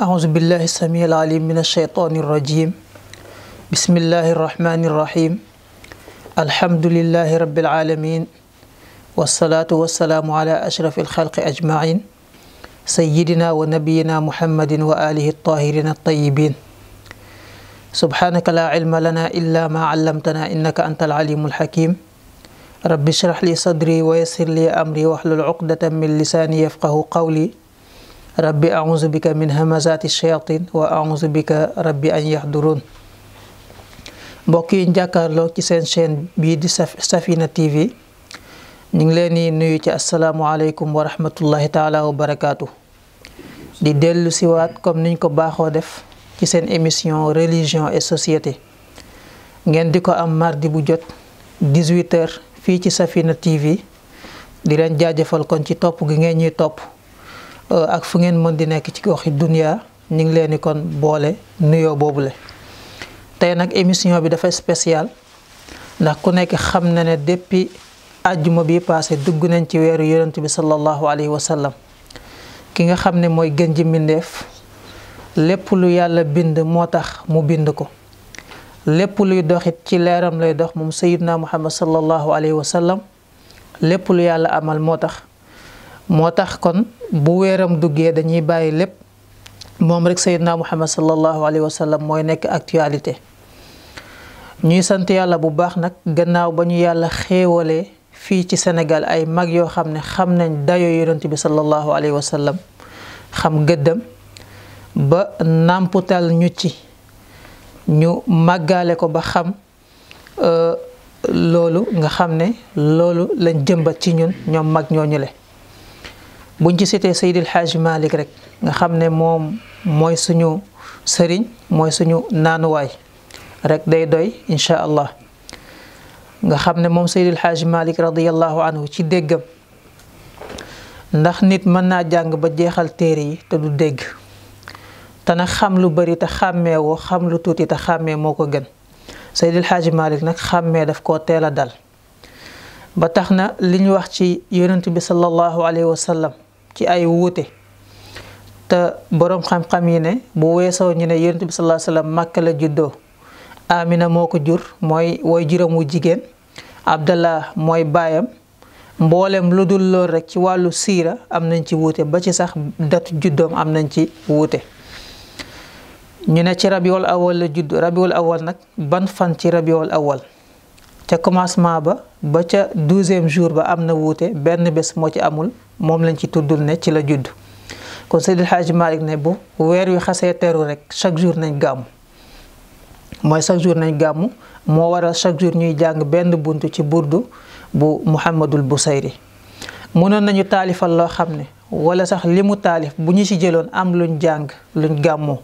أعوذ بالله السميع العليم من الشيطان الرجيم بسم الله الرحمن الرحيم الحمد لله رب العالمين والصلاة والسلام على أشرف الخلق أجمعين سيدنا ونبينا محمد وآله الطاهرين الطيبين سبحانك لا علم لنا إلا ما علمتنا إنك أنت العليم الحكيم رب اشرح لي صدري ويسر لي أمري واحلل عقدة من لساني يفقه قولي rabbi auzu bika min hamazati shayatin wa auzu bika rabbi an yahdurun mbokk yi jàkkaarloo ci seen chaîne bii di Safina TV ñu ngi leen di nuyu ci asalaamualeykum wa rahmatullahi taala wa barakaatu. di dellu siwaat comme niñ ko baaxoo def ci seen émission religion et société ngeen di ko am mardi bu jot 18h fii ci Safina TV di leen jaajëfal kon ci topp gi ngeen ñuy topp. Euh, ak fu ngeen mën di nekk ci gox yi dunia ñu ngi leen di kon boole nuyoo boobule. tey nag émission bi dafa special ndax ku nekk xam na ne depuis àjjuma bi passé dugg nañ ci weeru yonent bi sallallahu alayhi wa sallam ki nga xam ne mooy gën ji mbindeef lépp lu yàlla bind moo tax mu bind ko. lépp luy doxit ci leeram lay dox moom sayidna muhammad sallallahu alayhi wa sallam lépp lu yàlla amal moo tax moo tax kon bu weeram duggee dañuy bàyyi lépp moom rek sayyidna muhammad sallallahu alayhi wa sallam mooy nekk actualité ñuy sant yàlla bu baax nag gannaaw ba ñu yàlla xéewalee fii ci senegal ay mag yoo xam ne xam nañ dayo yonent bi sallallahu alayhi wa sallam xam gëddam ba nàmputal ñu ci ñu màggaale ko ba xam euh, loolu nga xam ne loolu lañ jëmbat ci ñun ñoom mag ñooñule buñ ci cité Seydil Hadj malik rek nga xamné mom moy suñu sëriñ moy suñu way rek day doy insha allah nga xamné mom moom Seydil Hadj Malick radiyallahu anhu ci déggam ndax nit man na jàng ba jéxal téré yi te du dégg te nag xam lu bari te xamé wo xam lu tuti te xamé moko gën Seydil Hadj malik nak xamé daf ko téla dal ba taxna liñ wax ci yaronte bi sallallahu alayhi wa sallam ci ay wuute te boroom xam-xam yi ne bu weesoo ñu ne yonent bi sallallahu alayhi wa sallam Makka la juddoo Amina moo ko jur mooy woy juróom wu jigéen Abdallah mooy baayam mboolem lu dul lool rek ci wàllu siira am nañ ci wuute ba ci sax datu juddoom am nañ ci wuute ñu ne ci rabiwal awal la judd rabiwal awal nag ban fan ci rabiwal awal ca commencement ba ba ca douzième jour ba am na wuute benn bés moo ci amul moom lañ ci tuddul ne ci la juddu kon Seydil Hadji ne bu weer wi xasee teru rek chaque jour nañ gàmm mooy chaque jour nañ gàmm moo waral chaque jour ñuy jàng benn bunt ci burdu bu Muhammadul Busayri mënoon nañu taalifal loo xam ne wala sax li mu taalif bu ñu ci jëloon am luñ jàng luñ gàmmu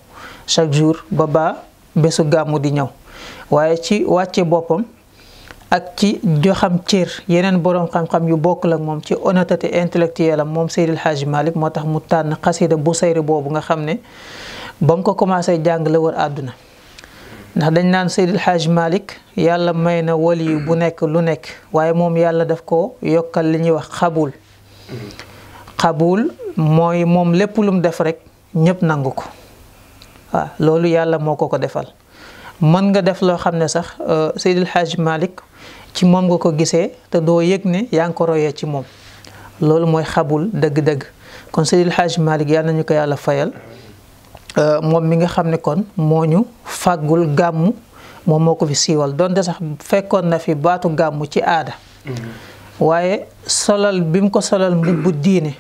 chaque jour baba ba bésu gàmmu di ñëw waaye ci wàcce boppam ak ci joxam cër yeneen boroom xam-xam yu bokkul ak moom ci honnêteté intellectuelle am moom Seydil Hadji Malick moo tax mu tànn xasida bu sayri boobu nga xam ne ba mu ko commencé jàng la wër àdduna ndax dañ naan Seydil Hadji Malick yàlla may na wali bu nekk lu nekk waaye moom yàlla def ko yokkal li ñuy wax xabul xabul mooy moom lépp lu def rek ñëpp nangu ko waaw loolu yàlla moo ko ko defal mën nga def loo xam ne sax euh, Seydil Hadj Malick ci moom nga ko gisee te doo yëg ne yaa ci moom loolu mooy xabul dëgg-dëgg kon Seydil Hadj Malick yal nañu ko yàlla fayal euh, moom mi nga xam ne kon moo ñu fàggul gàmmu moom moo ko fi siiwal donte sax fekkoon na fi baatu gàmmu ci aada mm-hmm. waaye solal bi mu ko solal mbubbu diine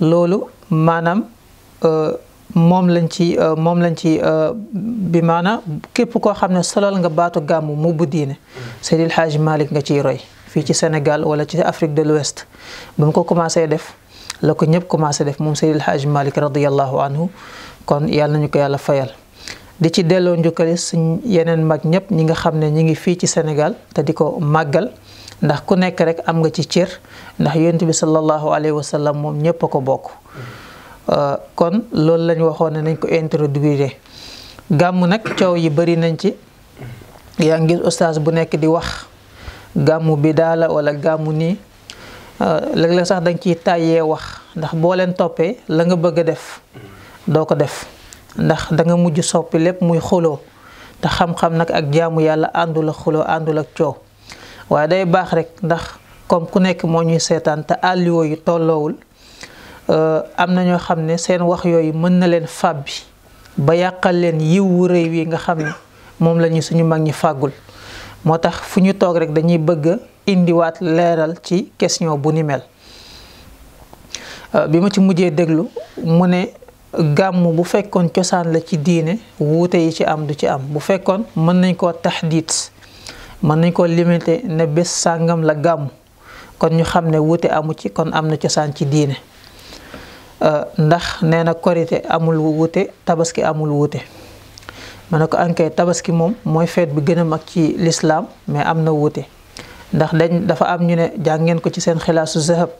loolu maanaam euh, moom lañ ci euh, moom lañ ci euh, bi maana képp koo xam ne solal nga baatu gàmmu mu bu diine mm. Seydil Hadji Malick nga ciy roy fii ci Sénégal wala ci Afrique de l'Ouest ba mu ko commencé def la ko ñëpp commencé def moom Seydil Hadji Malick radiyallahu anhu kon yàlla nañu ko yàlla fayal di ci delloo njukkale suñ yeneen mag ñëpp ñi nga xam ne ñi ngi fii ci Sénégal te di ko màggal ndax ku nekk rek am nga ci cër ndax yonent bi sallallahu alayhi wa sallam moom ñëpp a ko bokk Euh, kon loolu lañu waxoon nañ ko introduire gàmm nag coow yi bari nañ ci yaa ngir oustaz bu nekk di wax gàmmu bi daala walla gàmmu nii euh, léeg-léeg sax dañ ciy tàyyee wax ndax boo leen toppee la nga bëgg a def doo ko def ndax danga nga mujj soppi lépp muy xuloo te xam-xam nag ak jaamu yàlla àndul ak xuloo àndul ak coow waaye day baax rek ndax comme ku nekk moo ñuy seetaan te àlliwoo yi tolloowul Euh, am na ñoo xam ne seen wax yooyu mën na leen fàbbi ba yàqal leen yiw wu rëy wii nga xam ne moom la suñu mag ñi fàggul moo tax fu ñu toog rek dañuy bëgg indiwaat leeral ci question bu ni mel euh, bi ma ci mujjee déglu mu ne gàmm bu fekkoon cosaan la ci diine wuute yi ci am du ci am bu fekkoon mën nañ koo taxdiit mën nañ koo limité ne bés sàngam la gàmm kon ñu xam ne wuute amu ci kon am na cosaan ci diine Euh, ndax nee na korité amul wuute tabaski amul wuute ma ne ko enquête tabaski moom mooy feet bi gën a mag ci lislaam mais am na wuute ndax dañ dafa am ñu ne jàngeen ko ci seen xilaasu zahab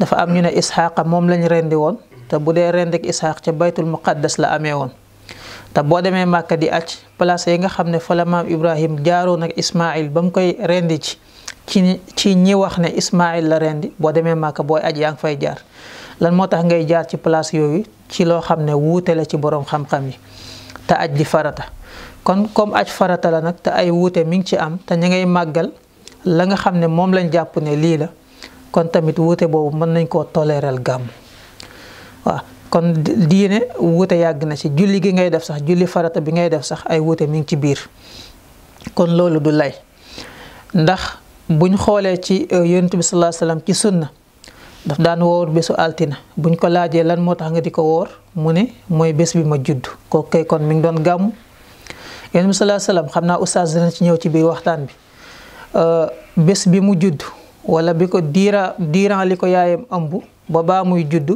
dafa am ñu ne isxaaqa moom lañ rendi woon te bu dee rendik isxaaq ca baytul muqaddas la amee woon te boo demee màkka di aj place yi nga xam ne fa la maam ibrahim jaaroon ak ismail ba koy rendi ci ci ñi wax ne ismail la rendi boo demee màkka booy aj yaa ngi fay jaar lan moo tax ngay jaar ci place yooyu ci loo xam ne wuute la ci boroom xam-xam yi te aj di farata kon comme aj farata la nag te ay wuute mi ngi ci am te ñu ngay màggal la nga xam ne moom lañ jàpp ne lii la kon tamit wuute boobu mën nañ koo toléral gàmm waaw kon diine wuute yàgg na ci julli gi ngay def sax julli farata bi ngay def sax ay wuute mi ngi ci biir kon loolu du lay ndax buñ xoolee ci euh, yonent bi ci sunna daf daan woor besu altina buñ ko laaje lan motax nga diko woor mu moy bes bi ma judd ko kay kon mi ngi don gam yéen salaa salaam xam oustaz dina ci ñew ci bi waxtaan bi euh, bes bi mu judd wala bi ko dira liko yaayam ambu ba ba muy judd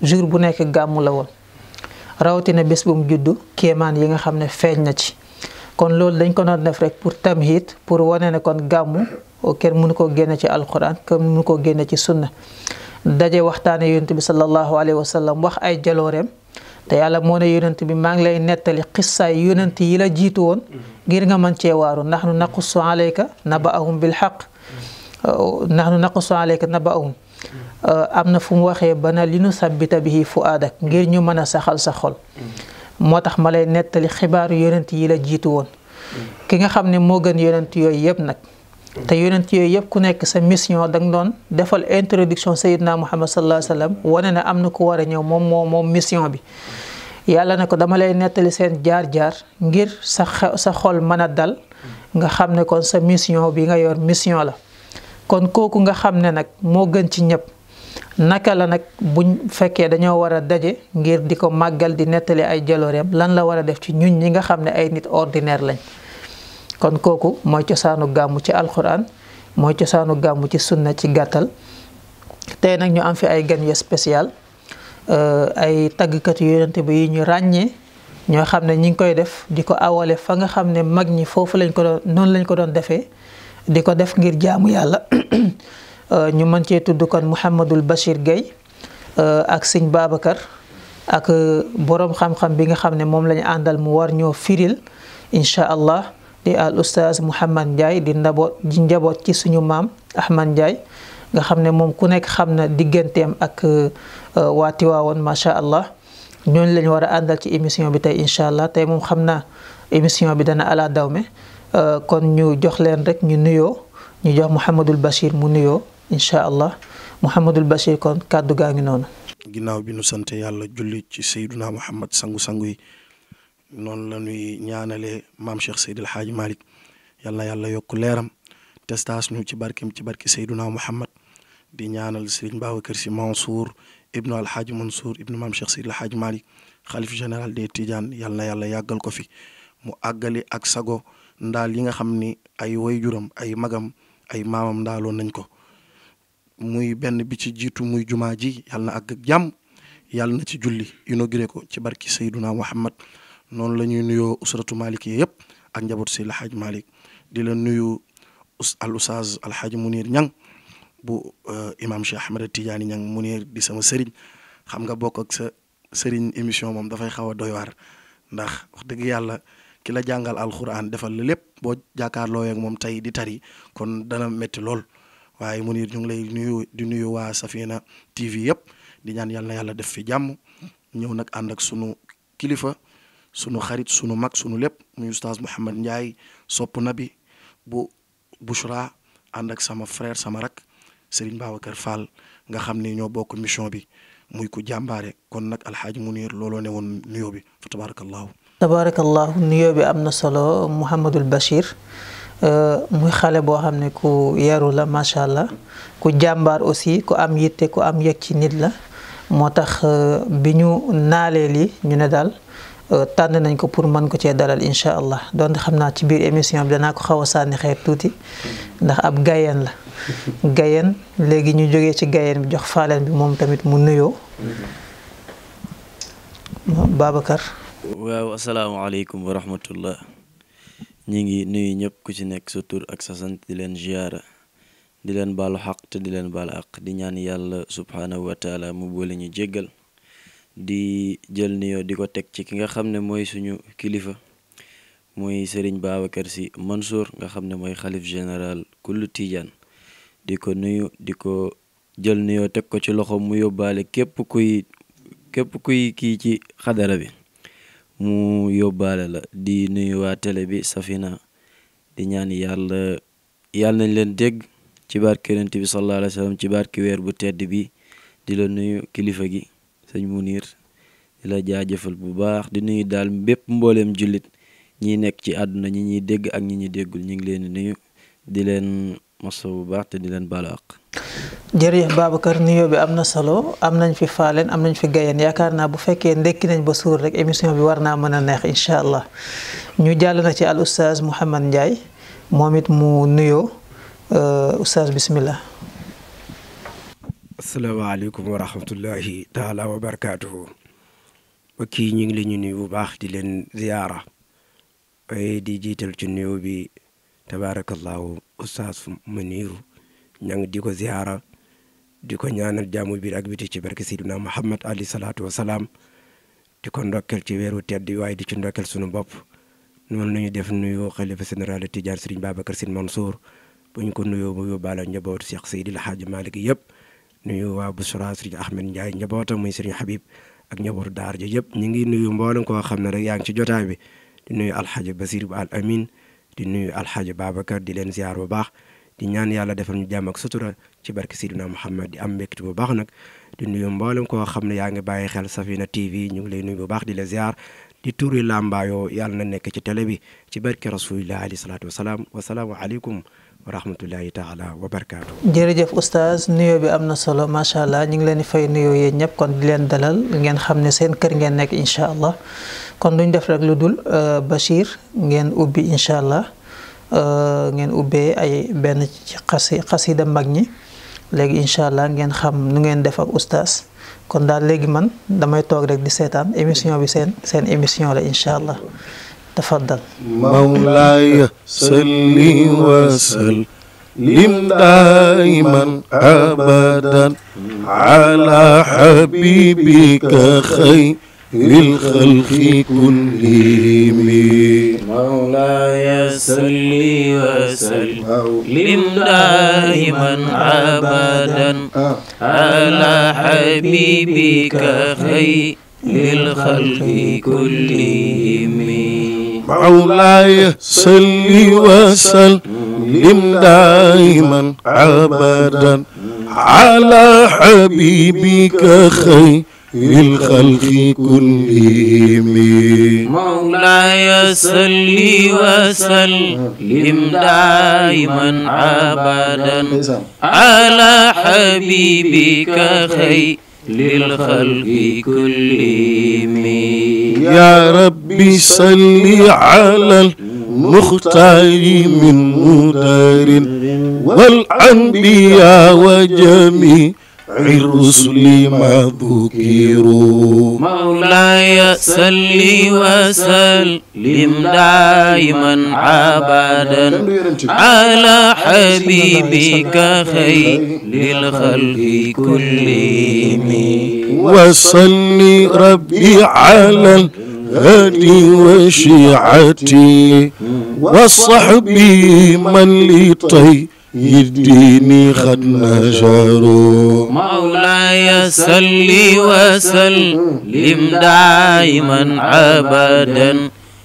jour bu nek gam la woon rawatina bes bu mu judd keman yi nga xamne feñ na ci kon lool dañ ko non def rek pour tamhid pour wane ne kon o ker mun ko genn ci alquran ke mun ko genn ci sunna daje waxtane yoonte bi sallallahu alayhi wa sallam wax ay jalooreem te yàlla mo ne yoonte bi maa ngi lay netali qissa yoonte yi la jitu won ngir nga man ci waru nahnu naqsu alayka nabaahum bil haqq nahnu naqsu alayka nabaahum amna na fu mu waxee ba li nu sabbita bihi fuadak ngir ñu mëna saxal sa xol motax malay netali lay nettali xibaaru yonent yi la jitu won ki nga xamne mo gën yoonte yoy yeb nak te yonent yooyu yëpp ku nekk sa mission da nga doon defal introduction sayidna muhammad sallallahu alayhi wa sallam wane na am na ku war a ñëw moom moo moom mission bi yàlla ne ko dama lay nettali seen jaar-jaar ngir sa sa xol mën a dal nga xam ne kon sa mission bi nga yor mission la kon kooku nga xam ne nag moo gën ci ñëpp naka la nag buñ fekkee dañoo war a daje ngir di ko màggal di nettali ay jalooreem lan la war a def ci ñun ñi nga xam ne ay nit ordinaire lañ kon kooku mooy cosaanu gàmmu ci alxuraan mooy cosaanu gàmmu ci sunna ci gàttal tey nag ñu am fi ay gan yu spécial euh, ay tàggkat yu yonent bi yi ñu ràññee ñoo xam ne ñi ngi koy def di ko awale fa nga xam ne mag ñi foofu lañ ko doon noonu lañ ko doon defee di ko def ngir jaamu yàlla euh, ñu mën cee tudd kon Mouhamadul Bachir Gueye euh, ak sëñ Babacar ak boroom xam-xam bi nga xam ne moom lañu àndal mu war ñoo firil incha allah di al oustaz Mouhamad Ndiaye di ndaboot di njaboot ci suñu maam Ahmad Ndiaye nga xam ne moom ku nekk xam na digganteem ak euh, waa Tiwaawoon macha allah ñooñu lañ war a àndal ci émission bi tey incha allah tey moom xam naa émission bi dana ala dawme euh, kon ñu jox leen rek ñu nuyoo ñu jox Mouhamadul Bachir mu nuyoo incha allah Mouhamadul Bachir kon kàddu gaa ngi noonu. ginnaaw bi nu sant yàlla julli ci sayyiduna Muhammad sangu sangu yi. noonu la ñuy ñaanale maam Cheikh Seydil Hadji Malick yal na yàlla yokk leeram testaas ñu ci barkeem ci barke Seyduna Muhammad di ñaanal Serigne Babacar Sy Mansour ibnu Alhaji Mansour ibnu maam Cheikh Seydil Hadji Malick xalif général des Tidiane yal na yàlla yàggal ko fi mu àggali ak sago ndaal yi nga xam ni ay wayjuram ay magam ay maamam ndaaloon nañ ko muy benn bi ci jiitu muy jumaa ji yal na àgg ak ci julli inauguré ko ci barke Seyduna Muhammad noonu la ñuy nuyoo usratu malik yi yëpp ak njabootu si alxaaj malik di la nuyu al oustaz alxaaj munir ñang bu euh, imam Cheikh Ahmed Tidiane ñang munir di sama sëriñ xam nga bokk ak sa sëriñ émission moom dafay xaw a doy waar ndax wax dëgg yàlla ki la jàngal alxuraan defal la lépp boo jàkkaarloo ak moom tey di tari kon dana métti lool waaye munir ñu ngi lay nuyu di nuyu waa Safina TV yëpp di ñaan yàlla yàlla def fi jàmm ñëw nag ànd ak sunu kilifa sunu xarit sunu mag sunu lépp muy oustaz Mouhamed Ndiaye sopp nabi bu Bouchra ànd ak sama frère sama rak Serigne Babacar Fall nga xam ne ñoo bokk mission bi muy ku jàmbaare kon nag alxaaji Munir looloo ne woon nuyoo bi fa tabarakallahu tabarakallahu nuyoo bi am na solo Mouhamadul Bachir muy xale boo xam ne ku yaru la macha allah ku jàmbaar aussi ku am yitte ku am yëg ci nit la moo tax bi ñu naalee lii ñu ne daal Eh, tan nañ ko pour man ko ci dalal inshallah allah xamna ci biir émission bi dana ko xaw a sànni xeer ndax ab gayen la gayen legi ñu joggé ci gayen bi jox faaleen bi mom tamit mu nuyoo Babacar waaw alaykum wa rahmatullah ñi ngi nuyu ñep ku ci nek su tur ak sa sant di len ziyara di len balu haq te di len bal di ñaan yalla subhanahu wa taala mu boole ñu jéggal di jël nuyoo di ko teg ci ki nga xam ne mooy suñu kilifa muy Serigne Babacar Sy Mansour nga xam ne mooy xalif général kullu Tidiane di ko nuyu di ko jël nuyoo teg ko ci loxo mu yóbbaale képp kuy kii ci xadara bi mu yóbbaale la di nuyu waa télé bi Safina di ñaan yàlla yàlla nañ leen dégg ci barke yonent bi sallallahu alayhi wa sallam ci barke weer bu tedd bi di la nuyu kilifa gi sëñ Munir ila jaajeufal bu baax di nuyu dal bepp mbollem julit ñi nekk ci aduna ñi ñi dégg ak ñi ñi déggul ñi ngi leen nuyu di leen masso bu baax te di leen balaq àq babakar Babacar bi amna solo amnañ fi falen, amnañ fi gayen yaakaar bu fekke ndek nañ ba suur rek émission bi war mëna neex inshallah ñu jall na ci al oustaz mohammed ndjay momit mu mu euh oustaz bismillah asalaamaaleykum wa rahmatullahi taala wa barakaatuhu mbokk yi ñu ngi leen ñu nuyu bu baax di leen ziyaara waaye di jiital ci nuyu bi tabaarakallahu ustaas Muniiru ñang di ko ziyaara di ko ñaanal jaamu biir ak biti ci barke Seydina Muhammad alayhi salaatu wa salaam di ko ndokkel ci weeru tedd waaye di ci ndokkel sunu bopp noonu la ñu def nuyu xalifa général Tijaan Sëriñ Babacar Sy Mansour bu ñu ko nuyoo mu yóbbaale njabootu Cheikh Seydil Hadji Malick yëpp nuyu waa Bouchra sëriñ Ahmed Ndiaye njabootam muy sëriñ Habib ak njabootu daar ji yëpp ñu ngi nuyu mboolem koo xam ne rek yaa ngi ci jotaa bi di nuyu alxaaji Basir Al Amin di nuyu alxaaji Babacar di leen ziar bu baax di ñaan yàlla defal ñu jàmm ak sutura ci barke Sidina Muhammad di am mbégte bu baax nag di nuyu mboolem koo xam ne yaa ngi bàyyi xel Safina TV ñu ngi lay nuyu bu baax di la ziar di tuuri làmbaayoo yàlla na nekk ci télé bi ci barke rasulillah alayhi salaatu wasalaam wasalaamu aleykum ورحمه الله تعالى وبركاته جيرجف استاذ نيو بي امنا صلو ما شاء الله نيغ لاني فاي نيو يي نيب كون دي لين دالال نين خامني سين كير نين نيك ان شاء الله كون دون ديف رك لودول بشير نين اوبي ان شاء الله نين اوبي اي بن قصي قصيده ماغني لغ ان شاء الله نين خام نو نين ديف اك استاذ كون دا لغي مان داماي توك رك دي سين سين ايميسيون شاء الله تفضل مولاي صلي وسلم دائما ابدا على حبيبك خير الخلق كلهم مولاي صلي وسلم دائما ابدا على حبيبك خير للخلق كلهم مولاي صل وسلم دائما ابدا على حبيبك خير الخلق كلهم مولاي صل وسلم دائما ابدا على حبيبك خير للخلق كلهم يا رب بيصلي صل على المختار من مدار والأنبياء وجميع الرسل ما ذكروا مولاي صلي وسلم دائما عبدا على حبيبك خير للخلق كلهم وصل ربي على أهلي وشيعتي وصحبي من لي يديني خد نجارو مولاي صلي وسلم دائما ابدا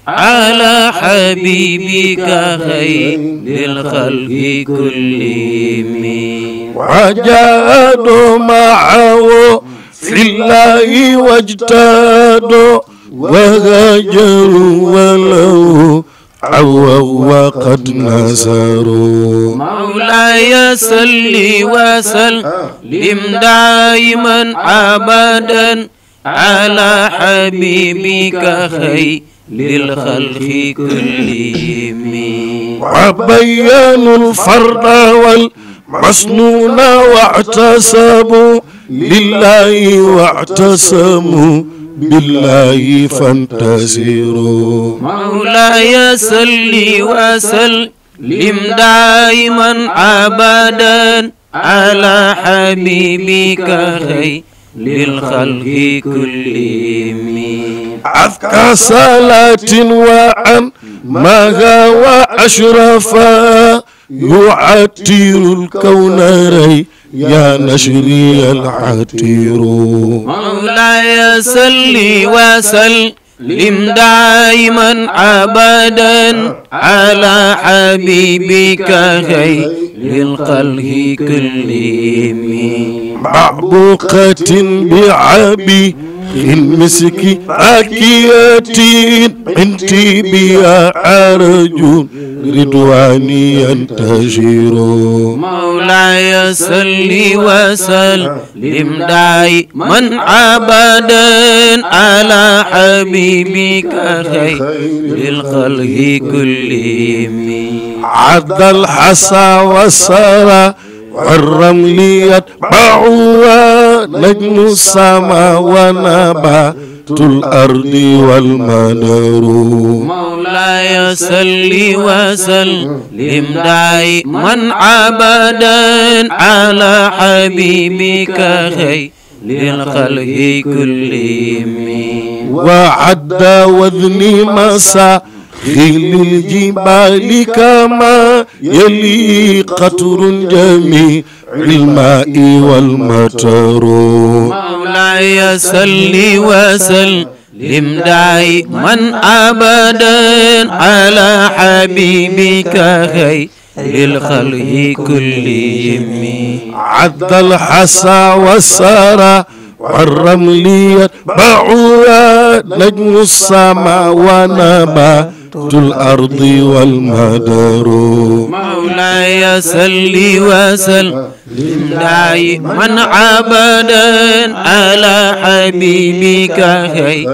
على حبيبك خير الخلق كلهم وجادوا معه في الله واجتادوا وهجروا ولو عووا وقد نزروا مولاي صلي وسلم دائما ابدا على حبيبك خير للخلق كلهم وبينوا الفرد والمسنون واعتصموا لله واعتصموا بالله فانتظروا مولاي صلي وسلم دائما أبدا على حبيبك خير للخلق كلهم أذكى صلاة وعن مها وأشرفا يعتر الكون ري يا نشري العتير مولاي صلي وسلم لم دائما ابدا على حبيبك خير للقلب كلهم بعبقة بعبي مسكي عكياتي انت بيا عرج رضواني ينتشر مولاي صلي وسلم دائما عبدا على حبيبك خير الخلق كلهم عد الحصى والسرى والرمل يتبعها نجم السماء ونبات الأرض والمنار مولاي صلي وسلم دائما عبدا على حبيبك خير للخلق كلهم وعد وذني مساء خيل الجبال كما يلي قطر جميع الماء والمطر مولاي سل وسلم دائما ابدا على حبيبك خير للخلق كلهم عد الحصى والسرى والرمل يتبعها نجم السماء ونبا الأرض والمدار مولاي صلي وسلم دائما عبدا على حبيبك هي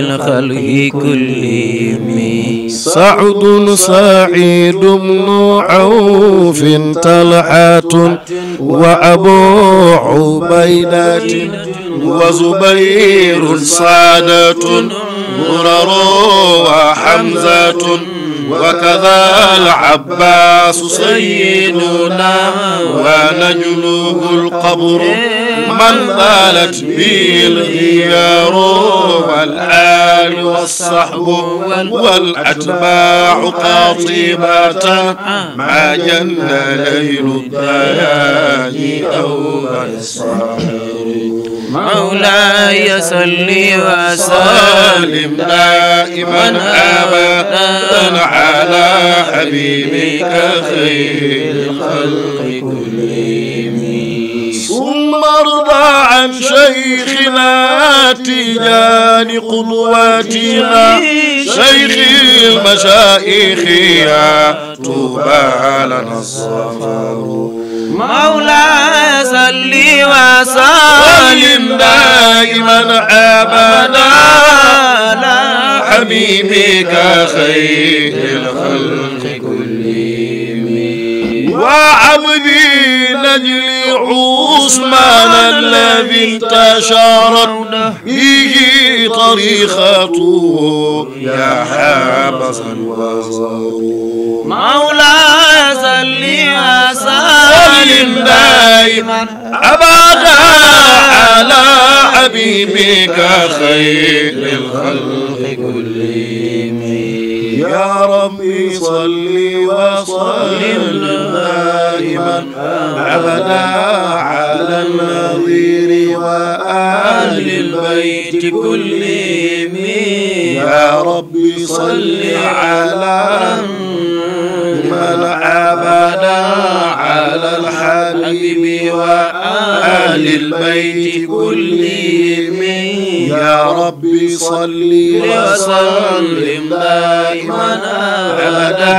الخلق كلهم سعد سعيد بن عوف طلحة وأبو عبيدة وزبير سادة مرر وحمزة وكذا العباس سيدنا ونجله القبر من ذالت به الغيار والآل والصحب والأتباع قاطبة ما جل ليل الديان أو الصحيح مولاي صل وسلم دائما ابدا على حبيبك خير الخلق كلهم ثم ارضى عن شيخنا تجان قدواتنا شيخ المشايخ يا طوبى لنا الصفر مولاي صلي وسلم دائما ابدا على حبيبك خير الخلق كلهم وعبدي نجلي عثمان الذي انتشرت به طريقته يا حبسا وزروا مولاي صلي وسلم دائما أبغى على حبيبك خير الخلق كلهم يا ربي صل وسلم دائما أبدا على النظير واهل البيت كلهم يا ربي صل على من أبدا على الحبيب واهل البيت كلهم يا ربي صل وسلم دائما أبدا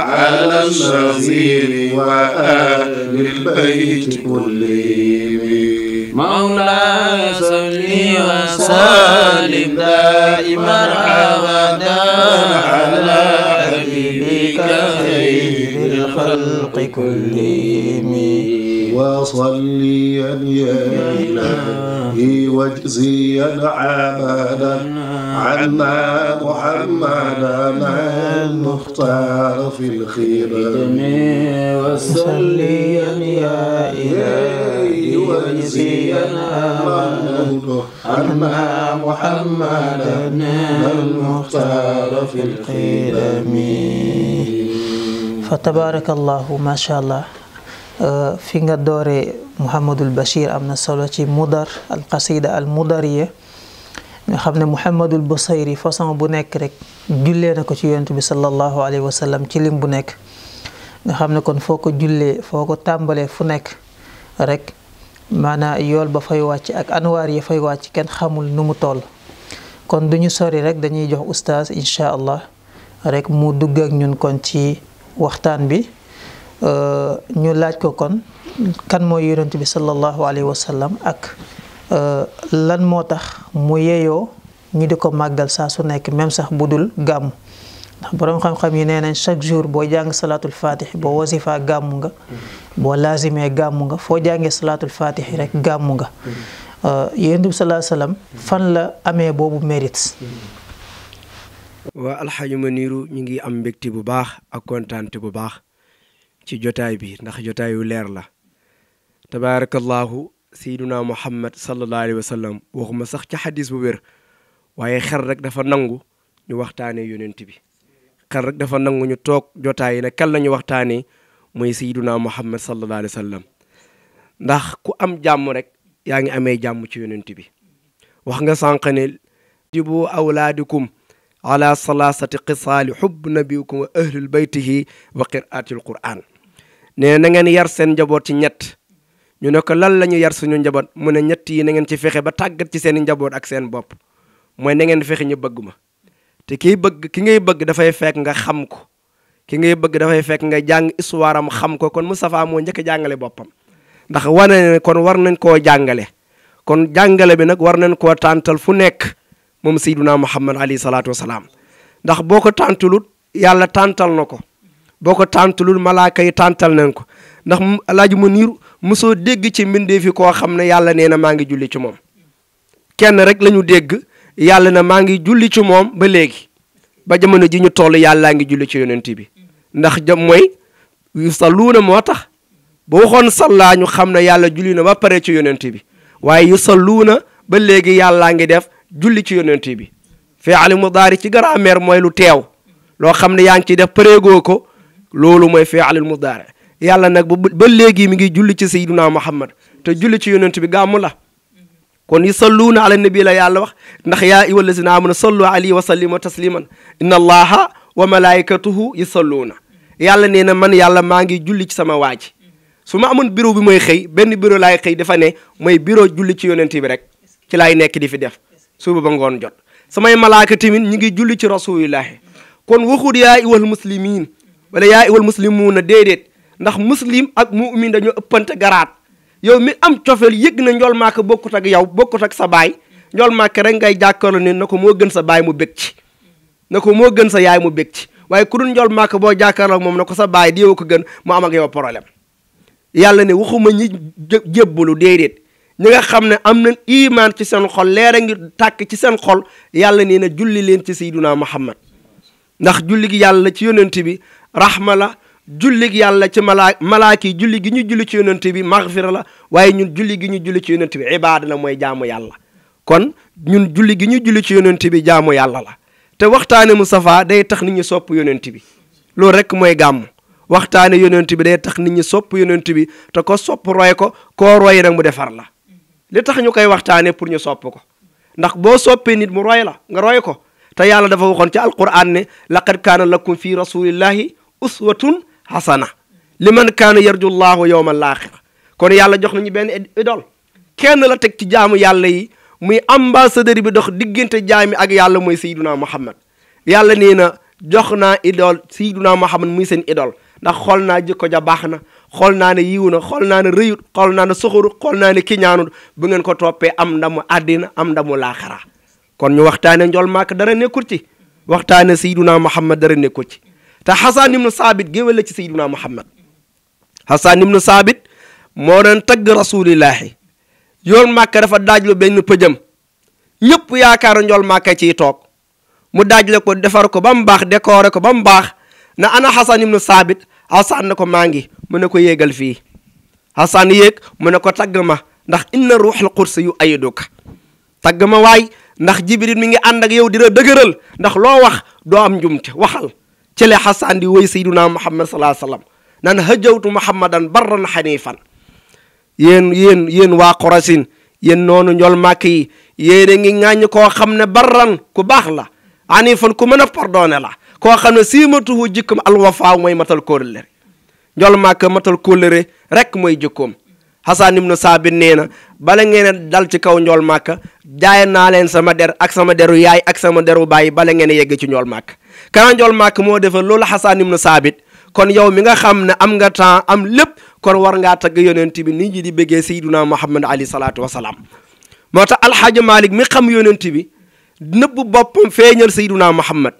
على الشغير وآل البيت كلهم مولاي صل وسلم دائما أبدا على حبيبك خير الخلق كلهم وصلي يا إلهي به واجزي نعمانا عنا محمدا من المختار في الخدم وسلي يا إلهي واجزي نعمانا عنا محمدا من المختار في الخدم فتبارك الله ما شاء الله في دوري محمد البشير أمن الصلاتي مدر القصيدة المدرية nga xam ne Mouhamadul Busayri façon bu nekk rek jullee na ko ci yonent bi sallallahu alayhi wa sallam ci lim bu nekk nga xam ne kon foo ko jullee foo ko tàmbalee fu nekk rek maanaa yool ba fay wàcc ak anwaar yi fay wàcc kenn xamul nu mu toll kon du ñu sori rek dañuy jox ustaas incha allah rek mu dugg ak ñun kon ci waxtaan bi Euh, ñu laaj ko kon kan mooy yonent bi sallallahu alayhi wa sallam ak euh, lan moo tax mu yeyoo ñu di ko màggal saa su nekk même sax bu dul gàmm ndax borom xam-xam yi nee nañ chaque jour boo jàng salaatu fatixi boo wasifaa gàmmu nga boo laazimee gàmm nga foo jàngee salaatul fatixi rek gàmmu nga euh, yonent bi salaa sallam fan la amee boobu mérite waa alxaaju Maniru ñu ngi am mbégte bu baax ak kontaante bu baax ci jotaay bi ndax yu leer la tabaarakallahu sayyiduna muhammad sallallahu alayhi wasallam waxuma sax ci hadith bu wér waaye xer rek dafa nangu ñu waxtaanee yonent bi xel rek dafa nangu ñu toog jotaay ne kan la ñu waxtaanee mooy muhammad sallallahu alayhi wasallam sallam ndax ku am jàmm rek yaa ngi amee jàmm ci yonent bi wax nga sànq ne jibu awlaadikum ala salaasati qisaali xub nabikum wa ahlul baytihi wa qiraati alquran nee na ngeen yar seen njaboot ci ñett ñu ne ko lan la ñu yar suñu njaboot mu ne ñett yi na ngeen ci fexe ba tàggat ci seen njaboot ak seen bopp mooy na ngeen fexe ñu bëgg ma te bëgg ki ngay bëgg dafay fekk nga xam ko ki ngay bëgg dafay fekk nga jàng histoire xam ko kon Moustapha moo njëkk a jàngale boppam ndax wane kon war nañ koo jàngale kon jàngale bi nag war nañ koo tàntal fu nekk moom Seydina Muhammad Ali salaatu wasalaam ndax boo ko tàntalut yàlla tàntal boo ko tàntulul malaaka yi tàntal nañ ko ndax alaaji ma niir mosoo dégg ci mbindee fi koo xam ne yàlla nee na maa ngi julli ci moom kenn rek la dégg yàlla na maa ngi julli ci moom ba léegi ba jamono ji ñu toll yàllaa ngi julli ci yonent bi ndax jam mooy saluuna moo tax ba waxoon sallaa ñu xam na yàlla julli na ba pare ci yonent bi waaye yusalluuna ba léegi yàllaa ngi def julli ci yonent bi fi'l mudaari ci grammaire mooy lu teew loo xam ne yaa ngi ciy def pareegoo ko loolu mooy fi'lul mudaari yàlla nag ba léegi mi ngi julli ci sayyiduna Muhammad te julli ci yonent bi gàmmu la kon yusalluuna ala nabi la yàlla wax ndax yaa ayyuha allazina amanu sallu alayhi wa sallimu tasliman inna allaha wa malaikatuhu yusalluuna yàlla nee na man yàlla maa ngi julli ci sama waaji ji su ma amoon bureau bi moy xëy benn bureau laay xëy dafa ne mooy bureau julli ci yonent bi rek ci laay nekk di fi def suba ba ngoon jot samay malaaka tamit ñi ngi julli ci rasulillahi kon wala yaa mu na déedéet ndax muslim ak mu'min dañoo ëppante garaat yow mi am cofeel yëg na njool maaka bokkut ak yow bokkut ak sa baay njool maaka rek ngay jàkkaarloo ne na ko moo gën sa baay mu bég ci na ko moo gën sa yaay mu bég ci waaye ku dul njool maaka boo jàkkaarloo moom na ko sa baay di yow ko gën mu am ak yow problème yàlla ne waxuma ñi jébbalu déedéet ñi nga xam ne am na imaan ci seen xol leer a ngi tàkk ci seen xol yàlla nee na julli leen ci sayyiduna muhammad ndax julli gi yàlla ci yonent bi rahma la jullig yàlla ci malaa malaaka yi julli gi ñu julli ci yonent bi maxfira la waaye ñun julli gi ñu julli ci yonent bi ibaada la mooy jaamu yàlla kon ñun julli gi ñu julli ci yonent bi jaamu yàlla la te waxtaane Moustapha day tax nit ñi sopp yonent bi loolu rek mooy gàmm waxtaane yonent bi day tax nit ñi sopp yonent bi te ko sopp roy ko koo roy rek mu defar la li tax ñu koy waxtaane pour ñu sopp ko ndax boo soppee nit mu roy la nga roy ko te yàlla dafa waxoon ci alquran ne laqad kaana lakum fi rasulillahi uswatun hasana liman kaana yarju llaahu yawma alaaxira kon yàlla jox nañu benn idole kenn la teg ci jaamu yàlla yi muy ambassadeur bi dox diggante jaami ak yàlla mooy sayduna muhammad yàlla nee na jox naa idole sayduna muhammad muy seen idole ndax xool naa jikko ja baax na xool naa ne yiw na xool naa ne rëyut xool naa ne soxorut xool naa ne kiñaanut bu ngeen ko toppee am ndamu àddina am ndamu laaxara kon ñu waxtaane njol màkk dara nekkul ci waxtaane sayduna muhammad dara nekkul ci te xasaan ibnu saabit géwél la ci sayyidina muhammad xasaan ibnu saabit moo doon tagg rasulillahi yoon màkka dafa daajlu benn pëjam ñëpp yaakaar njool màkka ci toog mu daajle ko defar ko ba mu baax décorer ko ba mu baax na ana xasan ibnu saabit xasan na ko maa ngi mu ne ko yéegal fii xasan yéeg mu ne ko tagg ma ndax inna ruuxul qudsi yu ayiduka tagg ma waay ndax jibril mi ngi ànd ak yow dina dëgëral ndax loo wax doo am njumte waxal ci la xasaan di woy sayduna muhammad salaa sallam naan hajawtu muhammadan barran xanifan yéen yéen yéen waa Qurasin yéen noonu njol màkk yi yéen a ngi koo xam ne barran ku baax la anifan ku mën a la koo xam ne siimatuhu jikkum alwafaaw mooy matal kóllëre njol màkk matal kóllëre rek mooy jikkoom Hassan ibnu Saabit nee na bala ngeen a dal ci kaw njool màkk jaaye naa leen sama der ak sama deru yaay ak sama deru baay bala ngeen a yegg ci njool màkk kana njool màkk moo defal loolu Hassan ibnu Saabit kon yow mi nga xam ne am nga temps am lépp kon war ngaa tagg yonent bi nit ñi di bëggee sayyiduna Muhammad ali salaatu wasalaam moo tax alxaaji Malik mi xam yonent bi nëbb boppam feeñal sayyiduna Muhammad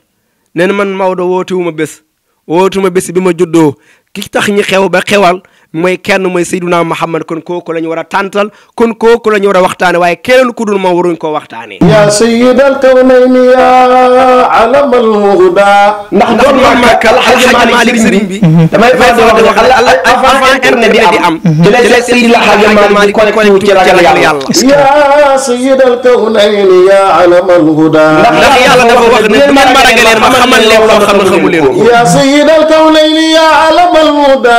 nee na man Maodo wootiwuma bés wootuma bés bi ma juddoo ki tax xew ba xewal mooy kenn mooy Seydunaa Muhammad kon kooku la ñu war a tàntal kon kooku la ñu war a waxtaane waaye keneen ku dul moom waruñ koo waxtaane ya sayyidal kawnayni ya alamal muhda ndax doon ma màkkal Alxaaji Maalik sëriñ bi damay fay di wax avant internet di am ci la Seydil Alxaaji Maalik connecté ci ragal yàlla ya sayyidal kawnayni ya alamal muhda ndax yàlla dafa wax ne man ma ragaleen ma xamal leen loo xam ne xamu leen ya sayyidal kawnayni ya alamal muhda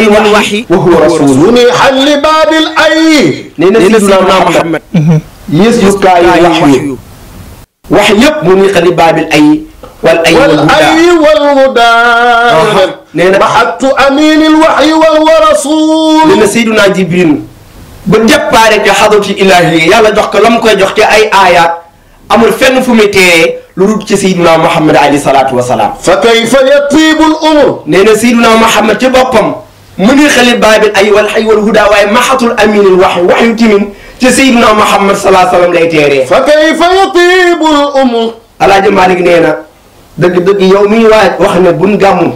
min alwaxyi wa huwa rasulun min xalli baabil ay nee na sidina Muhammad yësukaayu wax yu wax yëpp mu ngi xali baabil ay والأي والهدى نينا بحثت أمين الوحي والرسول لنا سيدنا جبريل بدبارة جحظة إلهية يلا جحك لم كو أي آيات أمر فن فمتيري لرد سيدنا محمد عليه الصلاة والسلام فكيف يطيب الأمر نينا سيدنا محمد جبابهم munir xalil baabil ay wal xay wal huda waaye maxatul aminil wax wax yu timin ci sayidina Muhammad salaa salaam lay teeree. fa kayfa yatibul umur. Alaaji Malick nee na dëgg-dëgg yow mi waa wax ne buñ gàmmu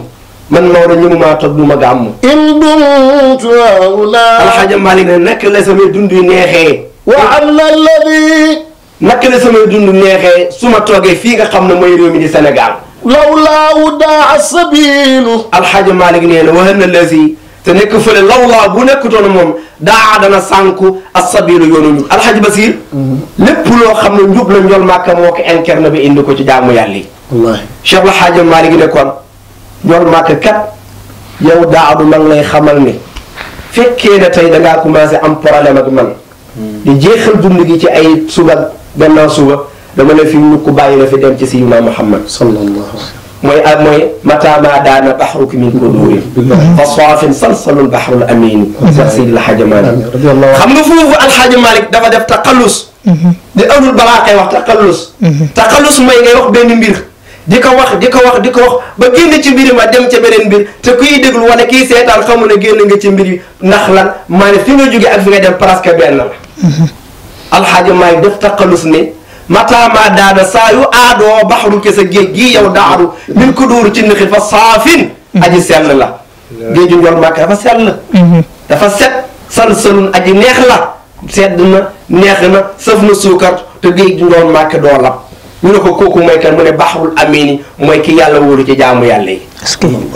man Maodo ñëwumaa toog duma gàmmu. in dumtu hawla. Alaaji Malick ne naka la samay dund yu neexee. wa ala alladi. naka la samay dund neexee su ma toogee fii nga xam ne mooy réew mi di Sénégal. lawlaa wudaa sabilu. Alaaji Malick nee na waxal na la si. تنك فل لولا بنا كتون موم دا عدنا سانكو الصبير يونيو الحاج بسير لب لو خمن نجوب لنجول ما كم وك انكر نبي اندو كتي جامو يالي الله شاب الحاج مالك نكون نجول ما كت يو دا عدو من لي خمل مي فكيرة تي دعاك كم از ام برالي مكمل دي جيخل دوم نجي تي اي سوبر جنا سوبر لما نفهم نكو باي نفهم تي سيدنا محمد صلى الله عليه وسلم موي موي متى ما دان بحرك من قدور فصاف صلصل البحر الامين سيد الحاج مالك خم فوف الحاج مالك دافا داف تقلص دي اول البلاقه واخ تقلص تقلص موي غي واخ بن مير ديكو واخ ديكو واخ ديكو واخ با ген تي مير ما دم تي بنن مير تي كوي دغل وانا كي سيتال خمنا ген نغا تي مير نخلا ما ني فيما جوغي اك فيغا دم براسك بن الحاج مالك داف تقلص ني matama daada sa yu aadoo baxaru ke sa géej gii yow daaru min ko dóoru ci nixi fa saafin aji sell la géeju njool màkk dafa sell dafa set salsalun aji neex la sedd na neex na sëf na suukar te géej njool màkk doo lab ñu ne ko kooku mooy kan mu ne baxarul amini mooy ki yàlla wóoru ci jaamu yàlla yi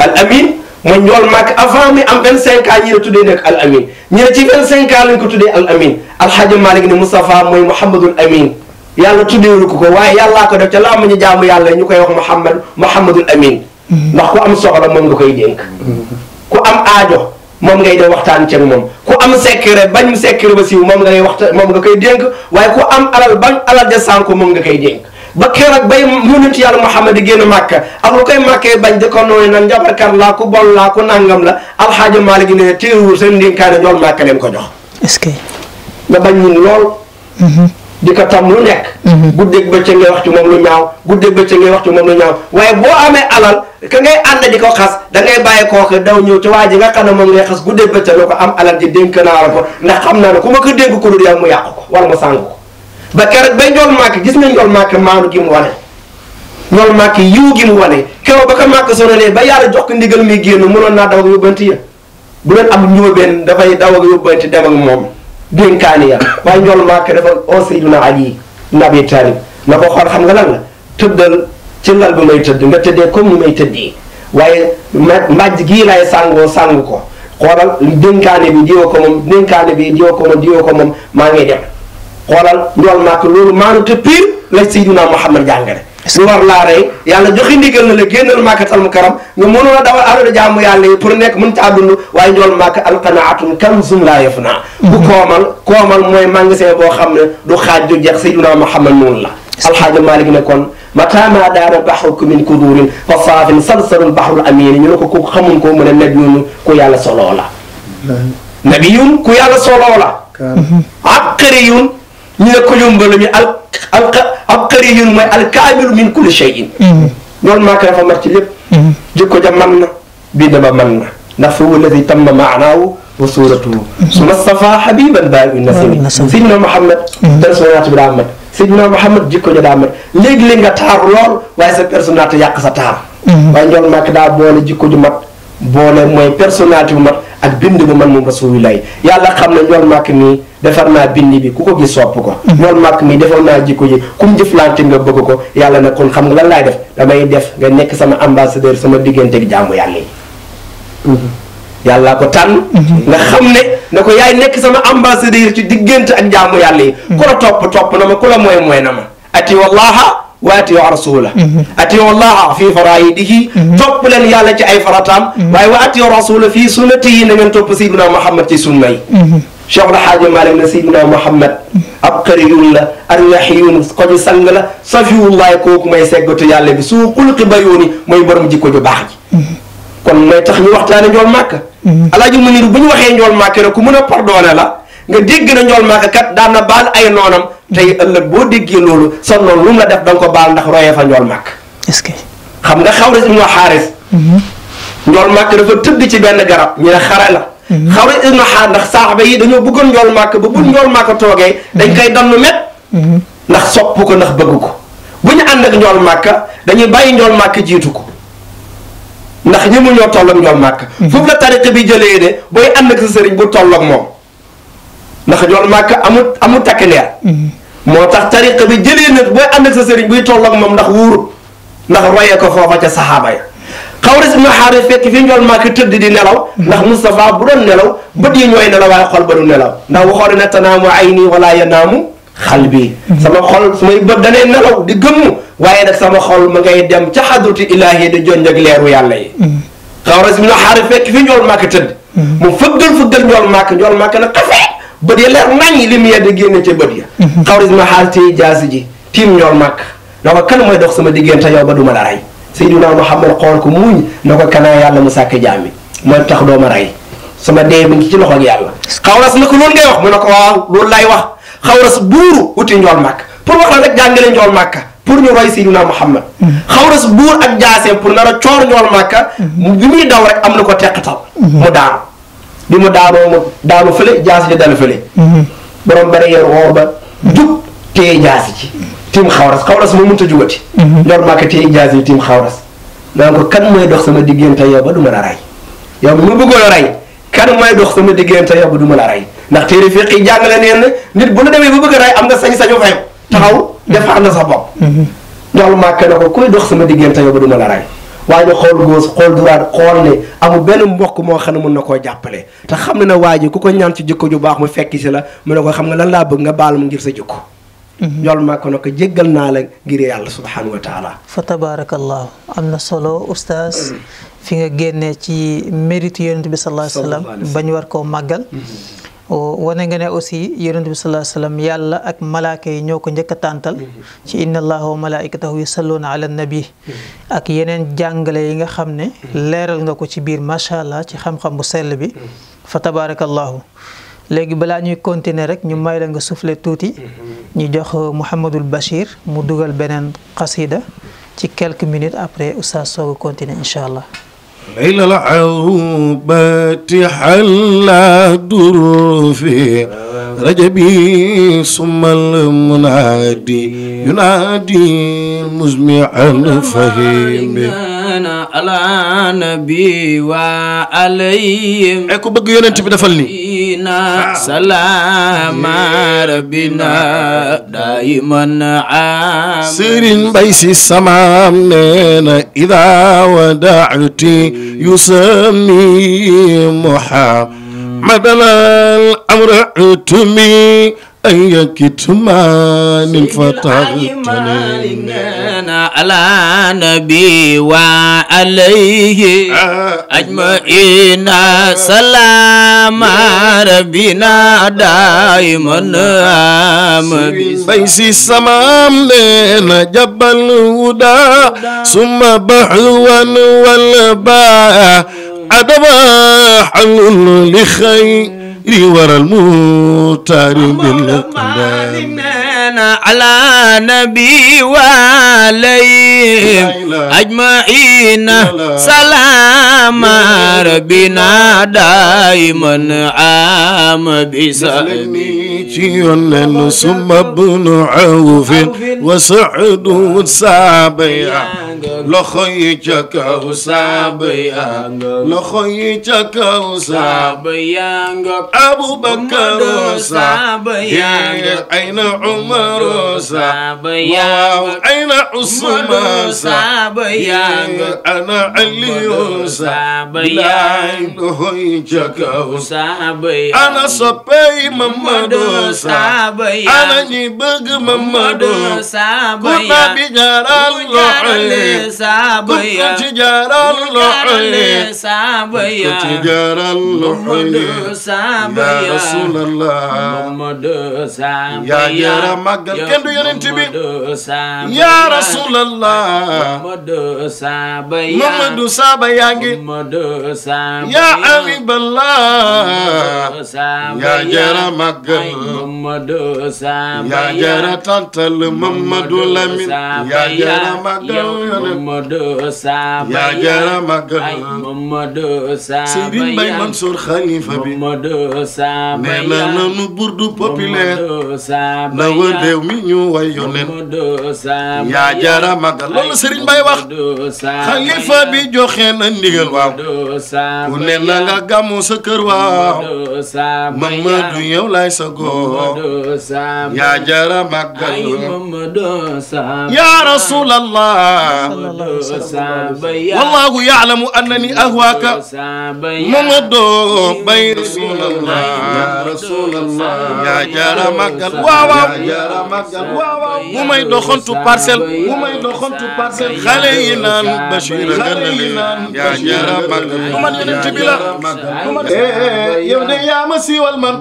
al amin mooy njool màkk avant mi am 25 ans ñi la tuddee nekk al amin ñi ne ci 25 ans lañ ko tuddee al amin alxaaji malik ne moustapha mooy mouhamadul amin yàlla tuddeewul ko ko waaye yàlla ko def ca laa ñu jaamu yàlla ñu koy wax Muhammad Muhammadul Amin. ndax ku am soxla moom nga koy dénk. ko am aajo moom ngay dem waxtaan ceeg moom ku am secret bañ secret ba siiw moom ngay waxta moom nga koy dénk waaye ku am alal bañ alal de sànku moom nga koy dénk. ba keroog bay yonent yàlla Muhammad di génn màkka ak lu koy màkkee bañ di ko nooy nan njabarkat laa ku bon laa ku nangam la alxaaji Maalik ne téewul seen ndénkaane jool màkka leen ko jox. est-ce que. nga bañ ñun lool. Mm-hmm. di ko tam lu nekk. Mhm. guddeeg bëccëg ngay wax ci moom lu ñaaw guddeeg bëccëg ngay wax ci moom lu ñaaw waaye boo amee alal ka ngay ànd di ko xas da ngay bàyyi kooku daw ñëw ci waa ji nga xam ne moom ngay xas guddeeg bëccëg la ko am alal ji dénk naa la ko ndax xam naa ne ku ma ko dégg ko dul yàlla mu yàq ko wala mu sàng ko ba keroog bay njool màkk gis nañ njool màkk maanu gi mu wane. njool màkk yiw gi mu wane keroog ba ko màkk sonalee ba yàlla jox ko ndigal mi génn mënoon naa daw ak yóbbanti bu doon am ñëw dafay daw ak yóbbanti dem ak dénkaane ya waaye njool maaka dafa oo Seydina Ali ibn Abi Talib na ko xool xam nga lan la tëddal ci lal bi may tëdd nga tëddee comme ni may tëddee waaye mbàjj gii lay sàngoo sàng ko xoolal dénkaane bi diwa ko moom dénkaane bi diwa ko moom diwa ko moom maa ngi dem xoolal njool maaka loolu maanu te pire la Seydina Muhammad jàngale سوار لا ري يالا جوخي ندغال نلا генال ماك المكرم نو مونو داوال ادو جامو يالا بور نيك مونتا دوند واي نول ماك القناعه كنز لا يفنى بو كومال كومال موي مانغسي بو خامن دو خاد جو جيخ سيدنا محمد نون الله الحاج مالك نكون متى ما دار بحرك من كدور فصاف صرصر البحر الامين نيوكو كو خامن كو مون نبي كو يالا سولولا نبي كو يالا سولولا عبقري ني كو يومبل مي ab xëri yun mooy alkaamilu min kulli shay'in mm-hmm. loolu maa ko dafa mat ci lépp mm-hmm. jikko ja man na bii dama man na ndax fa huwa alladi tamma maanaahu wa suuratuhu mm-hmm. suma safa habiban baayu nasimi sidna Muhammad personnalité bi daa mat sidna Muhammad jikko ja daa mat léegi-léeg nga taar lool waaye sa personnalité yàq sa taar waaye njool maa ko daa boole jikko ju mat boole mooy personnalité bu mat ak bind bu man moom rasulillahi yàlla xam ne njool maa ko defar naa bindi bi ku ko gis sopp ko mm. loolu màkk mi defar naa jikko ji kum jëflante nga bëgg ko yàlla na kon xam nga lan laay def damay def nga nekk sama ambassadeur sama diggante ak jaamu yàlla yi mm-hmm. ko tànn mm-hmm. nga na ko yaay nekk sama ambassadeur ci diggante ak jaamu yàlla yi mm-hmm. ku la topp topp na ma ku la mooy mooy na ma ati wallaha wa ati wa rasula ati wallaha fii faraidihi topp leen yàlla ci ay farataam waaye wa ati wa rasula fii sunnati yi na ngeen topp sidina Muhammad ci sunna yi شغل حاجة مالي سيدنا محمد أبقري الله الرحيم قد سنغلا صفي الله كوك ما يسكت يا الله بسوء كل قبيوني ما يبرم جي كوجو باخي كون ما تخني وقت أنا جوال ماك على جو مني ربني وحين جوال ماك ركوم أنا بردوانا لا نديك جنا جوال ماك كات دانا بال أي نونم تي الله بودي جي لولو صنع لوم لا دفن كو بال نخ رأي فان جوال ماك اسكي خمدا خاورز مو حارس جوال ماك ركوم تبدي تبان نجرب من خرالة xawra ibnu xaar ndax saaba yi dañoo bëggoon njool màkk ba bu njool màkk toogee dañ koy donn met ndax sopp ko ndax bëgg ko bu ñu ànd ak njool màkk dañuy bàyyi njool màkk jiitu ko ndax ñi mu ñoo toll ak njool màkk foofu la tariqa bi jëlee de booy ànd ak sa sëriñ bu toll ak moom ndax njool màkk amul amul tax tariqa bi jëlee na booy ànd ak sa sëriñ buy toll ak moom ndax wuur ndax royee ko foofa ca saxaaba ya xawris ibnu xaaris fekk fi njool maa ki tëdd di nelaw ndax Moustapha bu doon nelaw bët yi ñooy nelaw waaye xol ba du nelaw ndax waxoon na tanaamu ay nii wala yanaamu xal bi sama xol samay bët danay nelaw di gëmm waaye nag sama xol ma ngay dem ca xadratu ilaahi di jonj ak leeru yàlla yi xawris ibnu xaaris fekk fi njool maa ki tëdd mu fëggal fëggal njool maa ki njool maa ki nag xafee bët ya leer nañ li mu yedd génne ca bët ya xawris ibnu xaaris tey jaasi ji tiim njool maa ki na ko kan mooy dox sama diggante yow ba du ma la rey Seydina Muhammad xool ko muuñ na ko kanaa yàlla mu sàkk jaam mooy tax doo ma rey sama dee mi ngi ci loxo ak yàlla. xawras na ko loolu wax mu ne ko waaw loolu laay wax xawras buuru uti njool màkk pour wax la rek jàngale njool màkk pour ñu roy Seydina Muhammad. xawras buur ak jaasee pour a coor njool màkk. bi muy daw rek am na ko teqatal. mu daanu bi mu daanoo mu daanu fële jaasi ji dana fële. Mm-hmm. borom bari yor woor ba jub téye jaasi ji. tiim xawras xawras moom mënut a jugati. lor mhm. màkk te ijaas yi tiim xawras. naan ko kan mooy dox sama diggante yow ba ma la rey yow mu bëggoon a rey kan mooy dox sama diggante yow ba du ma la rey ndax téere fiq yi jàngale neen nit bu la demee ba a rey am nga sañ-sañu fay taxaw mhm. défendre sa bopp. Mhm. loolu màkk na ko kuy dox sama diggante yow ba du ma la rey waa ji xool góos xool duraat xool ne amul benn mbokk moo xam ne mun na koo jàppale te xam na ne waa ji ku ko ñaan ci jikko ju baax mu fekki si la mu ne ko xam nga lan laa bëgg nga baal mu ngir sa jikko Mhm. yolma ko nag jéggal naa la ngir yàlla subhaanahu wa taala fa tabaarakallahu am na solo oustaz mm-hmm. fi nga génnee ci mérite yonent bi sallallahu alayhi wasallam bañ war koo màggal mm-hmm. oh, wane nga ne aussi yonent bi sallallahu alayhi wasallam yàlla ak malaaka yi ñoo ko njëkk a tàntal mm-hmm. ci inna allaha wa malaikatahu yusalluuna ala nabi ak yeneen jàngale yi nga xam ne leeral nga ko ci biir macha allah ci xam-xam bu sell bi fa tabaarakallahu léegi balaa ñuy continuer rek ñu may la nga souffler tuuti ñu jox Mouhamadul Bachir mu dugal beneen xasida ci quelques minutes après oustaz soog a continuer incha allah ليلى العوبات حلى دروفي رجبي ثم المنادي ينادي المزمع الفهيم na ala nabi wa alayhim e ku bëgg yonent bi defal ni na ah. rabbina daiman am sëriñ bay samaam nee na ida wadaati yusami muhammadan al amra tumi أي كتمان فتغتني على نبي وعليه أجمعين سلام ربنا دائما بيس السمام لنا جبل ودا ثم بحر والباء أدبا حلول لخير li waral على نبي وعليه أجمعين سلام ربنا دائما عام بسلمي ثم بن عوف وسعد سابيا loxo yi ca kaw saaba yaa nga loxo yi ca kaw saaba yaa nga Abubakar saaba yaa nga ayna Umar saaba yaa nga ayna Usman saaba yaa nga ana Ali saaba yaa nga loxo yi ca kaw saaba yaa nga ana soppey Mamadu saaba yaa nga ana ñi bëgg Mamadu saaba yaa nga ku nabi jaral loxo سابيا تجار اللحي سابيا تجار اللحي سابيا يا رسول الله محمد سابيا يا جرى مقل كندو ينتبي يا رسول الله محمد سابيا محمد سابيا محمد سابيا يا حبيب الله يا جرى مقل محمد سابيا يا جرى تنتل محمد لمن يا جرى مقل Mamadou Samba yaa jara màggal Mamadou Samba Serigne Mbaye Mansour xalifa bi Mamadou na nanu burdu populaire na wër mi ñu way yoneen yaa jara màggal loolu Serigne Mbaye wax xalifa bi joxe na ndigal waaw ku ne nga gàmmu sa kër waaw Mamadou yow laay sa góor yaa jara màggal yaa rasulallah والله يعلم أنني أهواك ممضو بين رسول الله رسول الله يا جرى مكة واو bu may doxantu parcelle bu may doxantu parcelle xale yi naan Bachir gën a leen yaa jara mag bu man yeneen ci bi la yow de yaa ma siiwal man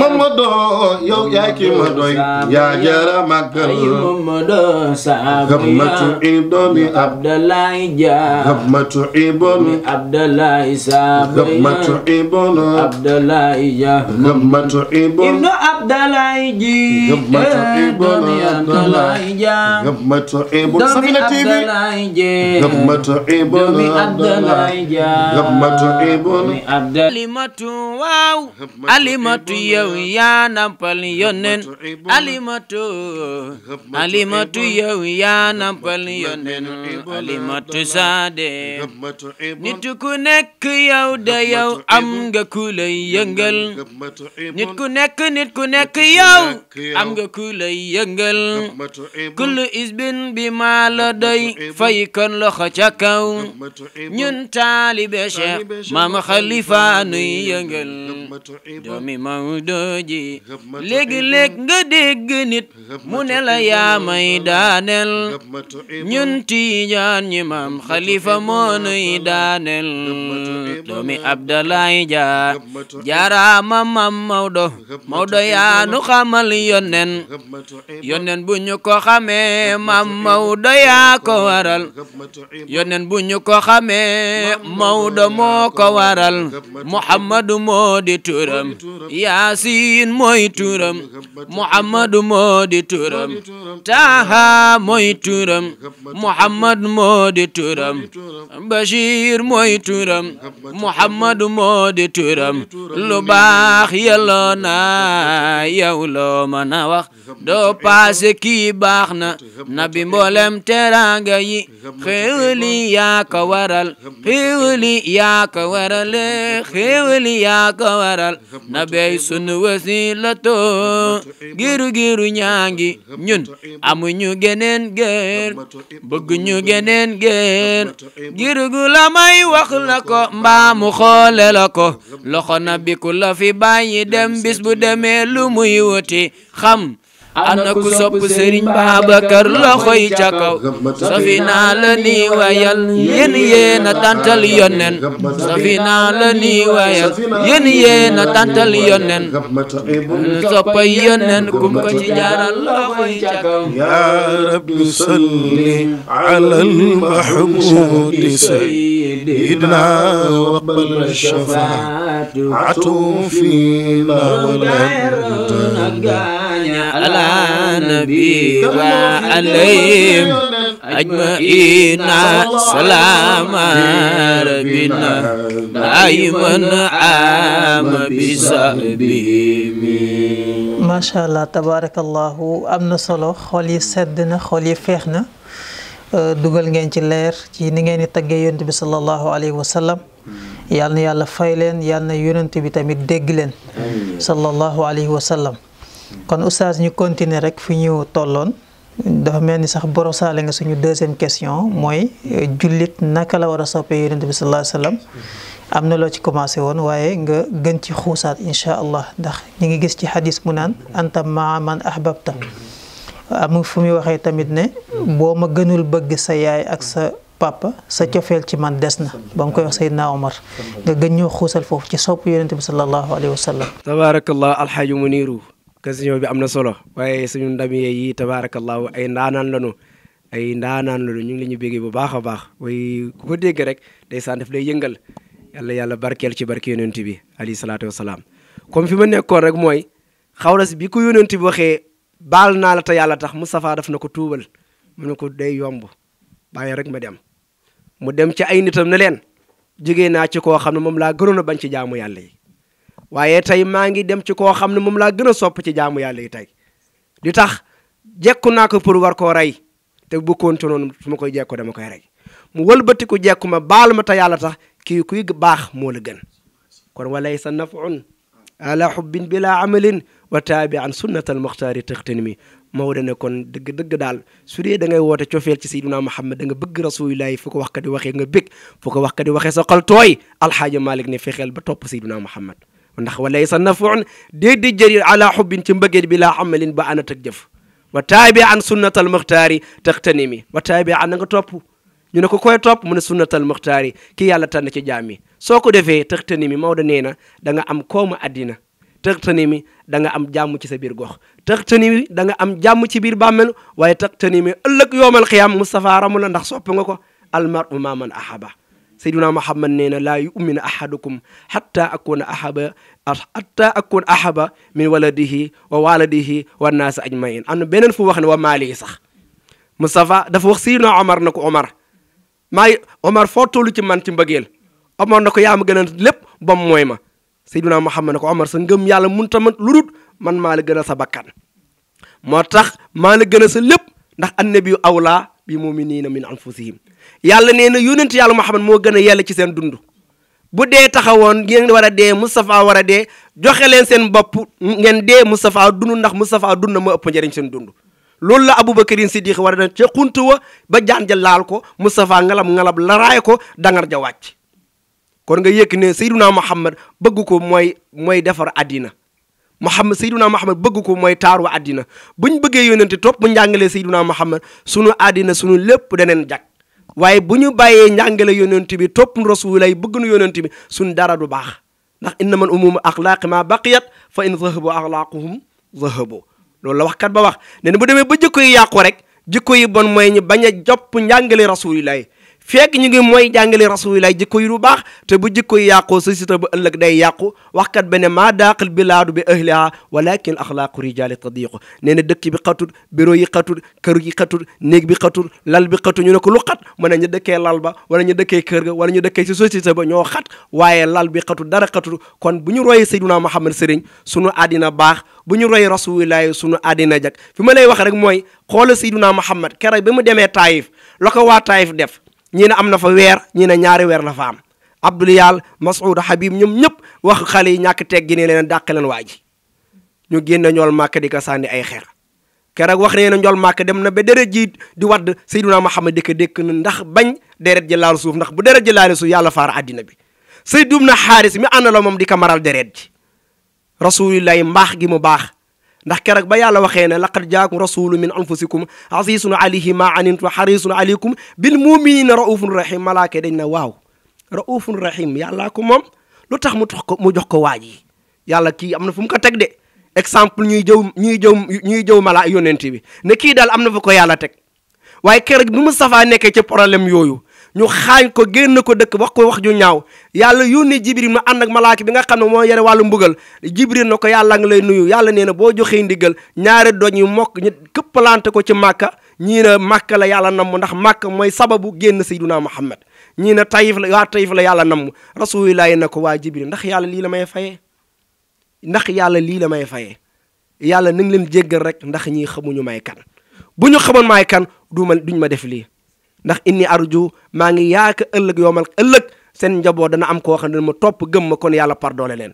Mamadou yow yaay kii ma doy yaa jara mag همة عظم عبد الله جاء همة عظم عبد الله سابري همة عظم عبد الله جاء همة عظم ابن عبد الله جي همة عظم عبد الله جاء همة عظم سفينة تي في همة عظم عبد الله جاء همة عظم عبد كلمة واو كلمة يو يا نبل يونن كلمة كلمة يو يا nampal yonen alimatu saade nit ku nekk yow da yow am nga ku lay yëngal nit ku nekk nit ku nekk yow am nga ku lay yëngal kullu isbin bi maa la doy fay kon loxo ca kaw ñun taalibe cheikh maam xalifa nuy yëngal doomi Maodo ji léegi-léeg nga dégg nit mu ne la yaa may daanel ñun tiijaan ñi maam xalifa moo nuy daanel doomi abdalaay jaar jaaraama maam mawdo mawdo yaanu xamal yonnen yonnen bu xamee maam mawdo bu ñu ko xamee mawdo moo ko waral muhammadu moo di turam yaasiin mooy turam muhammadu moo di turam taaha mooy turam turam Muhammad moo di turam Bashir mooy turam Muhammad moo di turam lu baax yelloo na yow loo mën a wax doo paase kii baax na nabi mboolem teraanga yi xéewali yaa waral xéewali yaa waral xéewali yaa ko waral nabey sunu wasilato ñaangi ñun amuñu geneen ge géer bëgg ñu geneen géer girugu la may wax na ko mbaa mu xoole la ko loxo na biku la fi bàyyi dem bis bu demee lu muy wuti xam ana ku sopp sëriñ Babacar loxoy ca kaw safina la wayal yéen yéena tantal yonen safina la wayal yéen yéena tantal yonen soppay yonen kumba ci jaaral loxoy ca kaw ya rabbi salli ala al mahmud sayyidina wa qbal shafaatu atum fina wala على نبي وعليم أجمعين سلام ربنا دائما عام بسببهم ما شاء الله تبارك الله أمن صلى خلي سدنا خلي فيخنا دوغل نين تي لير تي ني نين تاغي يونت بي صلى الله عليه وسلم يالنا يالا فايلن يالنا يونت بي تامي دغلن صلى الله عليه وسلم kon oustaz ñu continuer rek fi ñu tolloon dafa mel ni sax borosaale nga suñu deuxième question hmm. mooy euh, jullit naka la war a soppee yonent bi sallallahu alayhi wa am na loo ci commencé woon waaye nga gën ci xuusaat incha allah ndax ñu ngi gis ci xadis mu naan anta maa man ahbabta am fu muy waxee tamit ne boo ma gënul bëgg sa yaay ak sa papa sa cofeel ci man des na ba mu koy wax Seydina Omar nga gën ñoo xuusal foofu ci sopp yonent bi sallallahu alayhi wa sallam tabarakallah alxaaji question bi am na solo waaye suñu ndam yi tabaarakallaahu ay ndaanaan lañu ay ndaanaan lañu ñu ngi la ñu béggee bu baax a baax way ku ko dégg rek ndeysaan daf lay yëngal yàlla yàlla barkeel ci barke yonent bi alayhi salaatu wasalaam comme fi ma nekkoon rek mooy xawlas bi ko yonent bi waxee baal naa la te yàlla tax Moustapha daf na ko tuubal mu ne ko day yomb bàyyi rek ma dem mu dem ci ay nitam ne leen jógee naa ci koo xam ne moom laa gënoon a bañ ci jaamu yàlla yi waye tay maa ngi dem ci ko xamne mom la gëna sopp ci jaamu yàlla yi tay di tax jekku nako pour war ko ray te bu kontu noonu su ma koy jekko dama koy ray mu wëlbatiku jekku ma baal ma tay yàlla tax ki kuy baax mo la gën kon walaysa nafun ala hubbin bila amalin wa tabi'an sunnat al muxtaari tëxtin mi ne kon deug deug dal suri da ngay wote ciofel ci Seydina Muhammad da nga beug rasulullah fu ko wax ka di waxe nga beug fu ko wax ka di waxe sa xol al alxaaja Malik ne fexeel ba top Seydina Muhammad ndax walaysa nafuun déedéet jëriñ ala xubbin ci mbëggeel bi la amalin ba ana ak jëf wa taabi an sunnatal muxtaari taqtanimi wa taabi an nga top ñu ne ko koy top mu ne sunnatal muxtaari ki yàlla tan ci jami soko defé taqtanimi mawda neena da nga am kooma adina taqtanimi da nga am jàmm ci sa bir gox taqtanimi da nga am jàmm ci bir bàmmel waye taqtanimi ëlëk yoomal qiyam mustafa ramul ndax sopp nga ko almaru ma man ahaba سيدنا محمد نينا لا يؤمن أحدكم حتى أكون أحب حتى أكون أحب من ولده ووالده والناس أجمعين أنا بين في وقت وما لي صح مصطفى دف وقت سيدنا عمر نكو عمر ما عمر فاتولي كمان تبجيل عمر نكو يا مجنن لب بمويمة سيدنا محمد نكو عمر سنجم يا لمن تمن لرود من مال جنا سبكان ما تخ مال سلب نح النبي أولى بمؤمنين من أنفسهم yàlla nee na yonent yàlla Muhammad moo gën a yell ci seen dund bu dee taxawoon ngeen war a dee Moustapha wara dee joxe leen seen bopp ngeen dee Moustapha dund ndax Moustapha dund moo ëpp njëriñ seen dund loolu la Aboubacarin Siddiq war a def ca xunt wa ba jaan ja laal ko Moustapha ngalab ngalab laraay ko dangar ja wàcc kon nga yëkk ne Seydunaa Muhammad bëgg ko mooy mooy defar àddina Muhammad Seydunaa Muhammad bëgg ko mooy taaru àddina buñ bëggee yónnante topp bu njàngalee Seydunaa Muhammad sunu àddina sunu lépp daneen jàkk waaye bu ñu bàyyee njàngale yonent bi topp rasulay bëgg nu yonent bi suñ dara du baax ndax inna man umumu axlaaqi ma baqiyat fa in zahabu axlaaquhum zahabu loolu la waxkat ba wax ne bu demee ba jikko yi yàqu rek jikko yi bon mooy ñu bañ a jopp njàngale rasulilay fek ñu ngi moy jàngale rasulilaay jikko yu bax te bu jikko yaqo yàqoo société bu ëlëk day yaqo wax kat bene ma daqil bilad bi ahliha walakin axlaaqu rijal tadiq neena dëkk bi xatut bureau yi xatut kër yi xatut néeg bi xatut lal bi xatut ñu ne ko lu xat mu ñu dekké lal ba wala ñu dekké kër ga wala ñu dekké ci société ba ño xat waye lal bi xatut dara xatut kon bu ñu roy sayyiduna muhammad serigne sunu adina bax bu ñu roy rasulilaay sunu adina jak fi ma lay wax rek moy xol sayyiduna muhammad keroog bi mu démé taif lako wa taif def ñi ne am na fa weer ñii ne ñaari weer na fa am Abdoul Yaal Masoud Habib ñoom ñëpp wax xale yi ñàkk teg gi ne leen dàq leen waa ji ñu génn ñool màkk di ko sànni ay xeer keroog wax nee na ñool màkk dem na ba deret ji di wadd Seydina Muhammad di dëkk dëkk na ndax bañ deret ji laal suuf ndax bu deret ji laal suuf yàlla faara àddina bi Seydina Xaaris mi àndaloo moom di ko maral deret ji rasulillahi mbaax gi mu baax ndax keroog ba yàlla waxee ne laqad jaakum rasulu min anfusikum asisun alayhi ma anantum harisun alaykum bil muminina raufun rahim malaaka dañ na waaw raufun rahim yàllaa ko moom lu tax mu tax ko mu jox ko waaj yi yàlla kii am na fu mu ko teg de exemple ñuy jëw ñuy jëw ñuy jëw mala yonent bi ne kii daal am na fa ko yàlla teg waaye keroog bi mu safaa nekkee ci problème yooyu ñu xaañ ko génn ko dëkk wax ko wax ju ñaaw yàlla yónnee jibril ma ànd ak malaaka bi nga xam ne mooy yore wàllu mbugal jibril na ko yàlla ngi lay yàlla nee na boo joxee ndigal ñaari doñ yu mokk ñu këppalante ko ci màkka ñii na màkka la yàlla namm ndax màkka mooy sababu génn sayduna muhammad ñii na tayif la waa tayif la yàlla namm rasulillahi na ko waa jibril ndax yàlla lii la may fayee ndax yàlla lii la may fayee yàlla na nga leen jéggal rek ndax ñii xamuñu may kan bu ñu xamoon may kan du ma def lii ndax inni arju maa ngi yaaka ëllëg yoomal ëllëg seen njaboot dana am ko xam ne ma topp gëm ma kon yàlla pardoole leen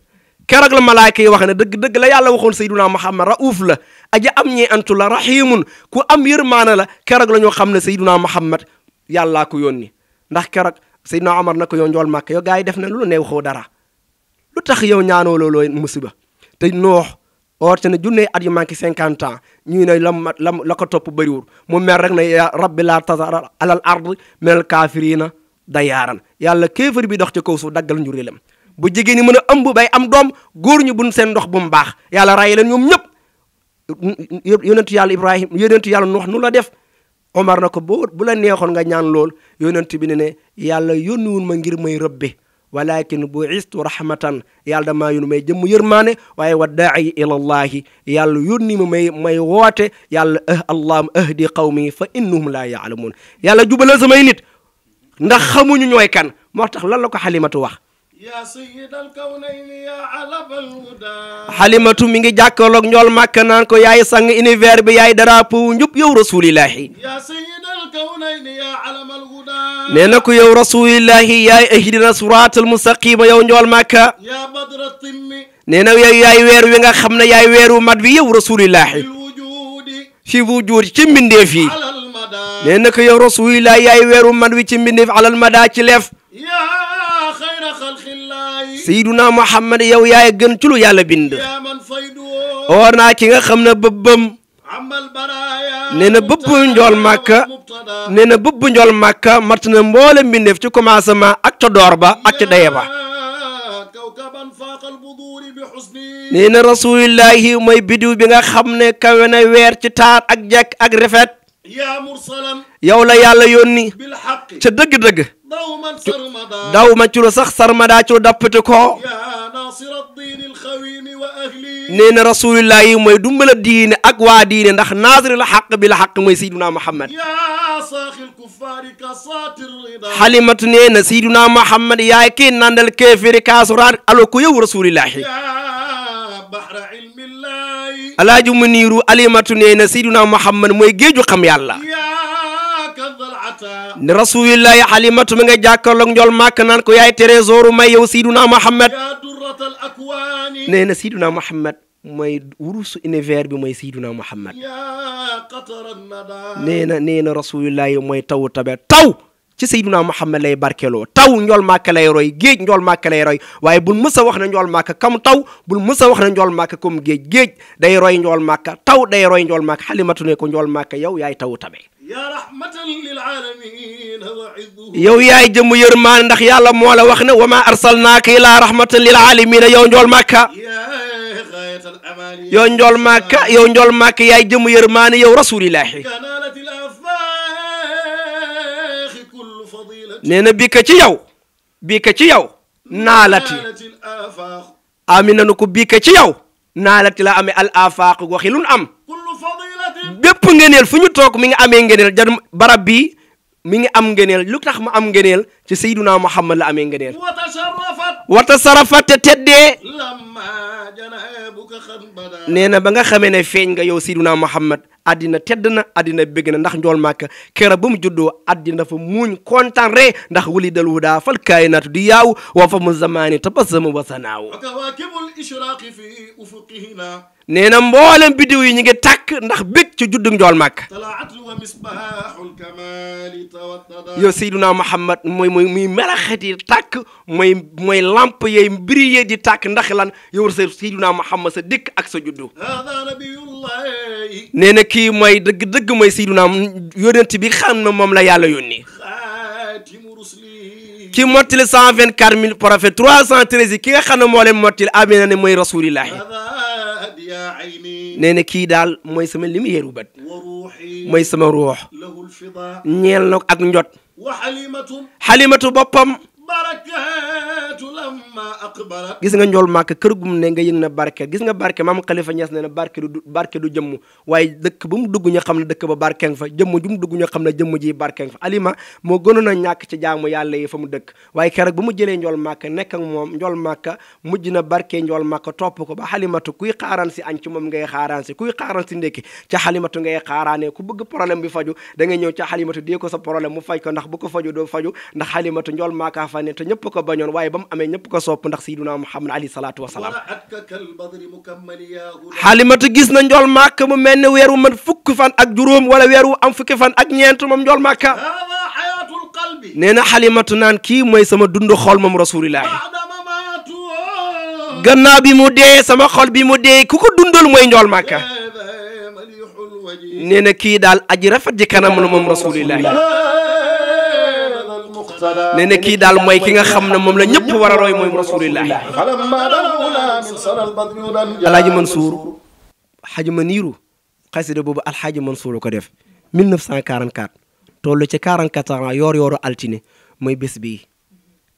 keroog la malaayka yi wax ne dëgg dëgg la yàlla waxoon sayyiduna muhammad rauf la aja am ñee antu la rahimun ku am yër maana la keroog la ñoo xam ne sayyiduna muhammad yàllaa ko yónni ndax keroog sayyiduna omar na ko yow njool màkk yow gars yi def na lu la neew xoo dara lu tax yow ñaanoo looloo musiba te noox oorte ne junney at yu manqué cinquante ans ñuy ne lam lam la ko topp bëriwul mu mer rek ne rabbi laa tasar alal ard minal kaafiriina dayaaran yàlla kéefar bi dox ci kaw suuf daggal njuréelam bu jigéen ñi mën a ëmb bay am doom góor ñu bun seen ndox bu mu baax yàlla ray leen ñoom ñëpp yonentu yàlla ibrahim yonentu yàlla nuux nu la def omar na ko boo bu la neexoon nga ñaan lool yonent bi ne ne yàlla yónniwul ma ngir may rëbbe ولكن بعثت رحمة يالدا ما ينمي جم يرماني وي وداعي إلى الله يال ينمي مي واتي يال أه اللهم أهدي قومي فإنهم لا يعلمون يال جبل زمينت نخمو نيوي كان موتخ لا لوكو حليمة واخ يا سيد الكونين يا علب الهدى حليمة ميغي جاكولوك نيول ماكنان كو ياي سانغ انيفير بي ياي درابو نيوب يو رسول الله يا سيد نينك يا رسول الله يا اهدنا صراط المستقيم يا نجول مكه يا بدر الطم نينا يا يا وير ويغا خمنا يا ويرو مات بي يا رسول الله في وجود في مندي في نينك يا رسول الله يا ويرو مات بي مندي على المدا تي يا خير خلق الله سيدنا محمد يا يا گن تلو يالا يا من فيدو ورنا كيغا خمنا ببم nee na bëbb njool màkka nee na bëbb njool màkka mat na mboole mbindeef ci commencement ak ca door ba ak ca daye ba nee na rasulillahi mooy bidiw bi nga xam ne kawe na weer ci taar ak jekk ak rafet yow la yàlla yónni ca dëgg-dëgg daw ma ci lu sax sarmada ci lu ko nee na rasulillah yi mooy dumbala diine ak waa diine ndax naasir xaq bi la xaq mooy sayduna muhammad xalimatu nee na sayduna muhammad yaay kii nandal kéefiri kaasu raat alo ko yow rasulillahi alaaju mu niiru alimatu nee na sayduna muhammad mooy géeju xam yàlla ne rasulillahi halimatu mi nga jàkkaarloog ndol mak nan ko yaay trésor may yow siiduna mohammed neena na mohammed may mooy wurusu univers bi may siiduna mohammed neena neena nee na rasulillahi taw tabe taw ci sayduna mohammed lay barkelo taw ndol mak lay roy géej ndol mak lay roy waye bul musa wax na ndol mak kam taw bul musa wax na ndol mak comme géej géej day roy ndol mak taw day roy ndol mak halimatu ne ko ndol mak yow yaay taw tabe يو يا جم يرمان دخ يا الله مولا وخنا وما ارسلناك الى رحمه للعالمين يا نجول مكه يا غايه الامالي يا نجول مكه يا نجول مكه يا جم يرمان يا رسول الله كنالة الافاخ كل فضيله نينا بك تي يو بك تي يو نالتي امين نكو بك تي يو نالتي لا امي الافاق وخيلون ام ngëneel fu ñu toog mi ngi amee ngëneel jar barab bii mi ngi am ngëneel lu tax ma am ngëneel ci sayyiduna Muhammad la amee ngëneel wata sarafat te teddee nee na ba nga xamee ne feeñ nga yow sayyiduna Muhammad addina tedd na addina bégg na ndax njool màkk kera bu mu juddoo addina fa muuñ kontaan ndax wuli dal wudaa fal kaayinaatu di yaaw wa fa mu zamaani tabassama wasanaaw nee na mboolem biddiw yi ñu ngi tàkk ndax bég ci juddu njool màkk yow Seyduna Muhammad mooy mooy muy melaxet yi tàkk mooy mooy lamp yey mbiri yee di tàkk ndax lan yow sa Seyduna Muhammad sa dëkk ak sa juddu nee na kii mooy dëgg dëgg mooy Seyduna yónent bi xam na moom la yàlla yónni ki mottali cent vingt quatre mille prophètes trois cent treize yi ki nga xam ne moo leen mottali amee na ne nee na kii daal mooy sama lumière bu bët mooy sama ruux ñeel na ak njot xalimatu boppam gis nga njool màkk kër gum ne nga yëg na barke gis nga barke maam mu Niass nee na barke du barke du jëmm waaye dëkk bu mu dugg ñu xam ne dëkk ba barken fa jëmm ju mu dugg ñu xam ne jëmm ji barken fa alima moo gënoon a ñàkk ci jaamu yàlla yi fa mu dëkk waaye keroog bu mu jëlee njool màkk nekk ak moom njool màkk mujj na barke njool màkk topp ko ba xalimatu kuy xaaraan si añ ci moom ngay xaaraan si kuy xaaraan si ndékki ca xalimatu ngay xaaraanee ku bëgg problème bi faju da ngay ñëw ca xalimatu dee ko sa problème mu faj ko ndax bu ko faju doo faju ndax xalimatu bañoon te ñëpp ko bañoon waaye ba mu amee ñëpp ko sopp ndax sayyiduna Muhammad alayhi salaatu wa salaam xaalimatu gis na njool màkk mu mel ne weer wu man fan ak juróom wala weer am fukki fan ak ñeent moom njool màkka nee na xaalimatu naan kii mooy sama dund xol moom rasulillahi gannaaw bi mu dee sama xol bi mu dee ku ko dundal mooy njool màkka nee na kii daal aji rafet ji kanam la moom rasulillahi نينا كي دال موي كيغا خامنا موم لا نييب ورا روي موي رسول الله فلما دعونا من سر البدر الحاج منصور حاج منيرو قصيدة بوب الحاج منصور كو ديف 1944 تولو تي 44 يور يورو التيني موي بس بي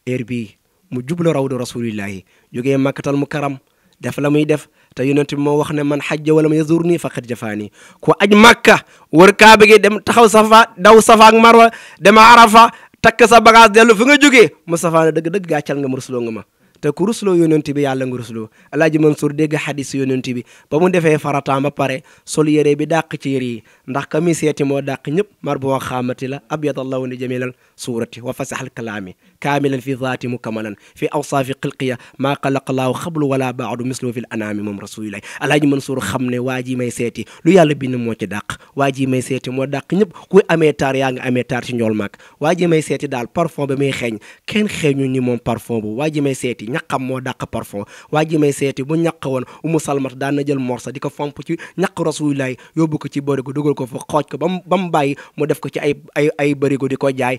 اير بي مو جوبلو راو رسول الله جوغي مكه المكرم def la def te yonent mo wax man hajja wala ma yazurni faqad jafani ko aj makka wor kaabe dem taxaw safa daw safa ak marwa dem arafa takk sa bagage dellu fi nga jógee Moustapha ne dëgg-dëgg gàccal nga ma rusloo nga ma te ku rusloo yonent bi yàlla nga rusloo alaaji Mansour dégg xadis yonent bi ba mu defee farataam ba pare sol yére bi dàq ci yére yi ndax mi seeti moo dàq ñëpp mar boo xaamati la abyadallahu ni jamilal suurati wa fasaxal kalaami kaamilan fi zaati mukamalan fi awsaafi xilqiya maa xalaqalaahu xablu wala baadu mislu fi l anaami moom rasulilahi alaaji Mansour xam ne waa ji may seeti lu yàlla bind moo ci dàq waa ji may seeti moo dàq ñëpp kuy amee taar yaa ngi amee taar ci njool màgg waa ji may seeti daal parfum ba muy xeeñ kenn xeeñu ni moom parfum bu waa ji may seeti ñaqam moo dàq parfum waa ji may seeti bu ñaq woon umu salmat daan na jël morsa di ko fomp ci ñaq rasulilahi yóbbu ko ci bërigo dugal ko fa xooj ko ba mu bàyyi mu def ko ay ay ay ko jaay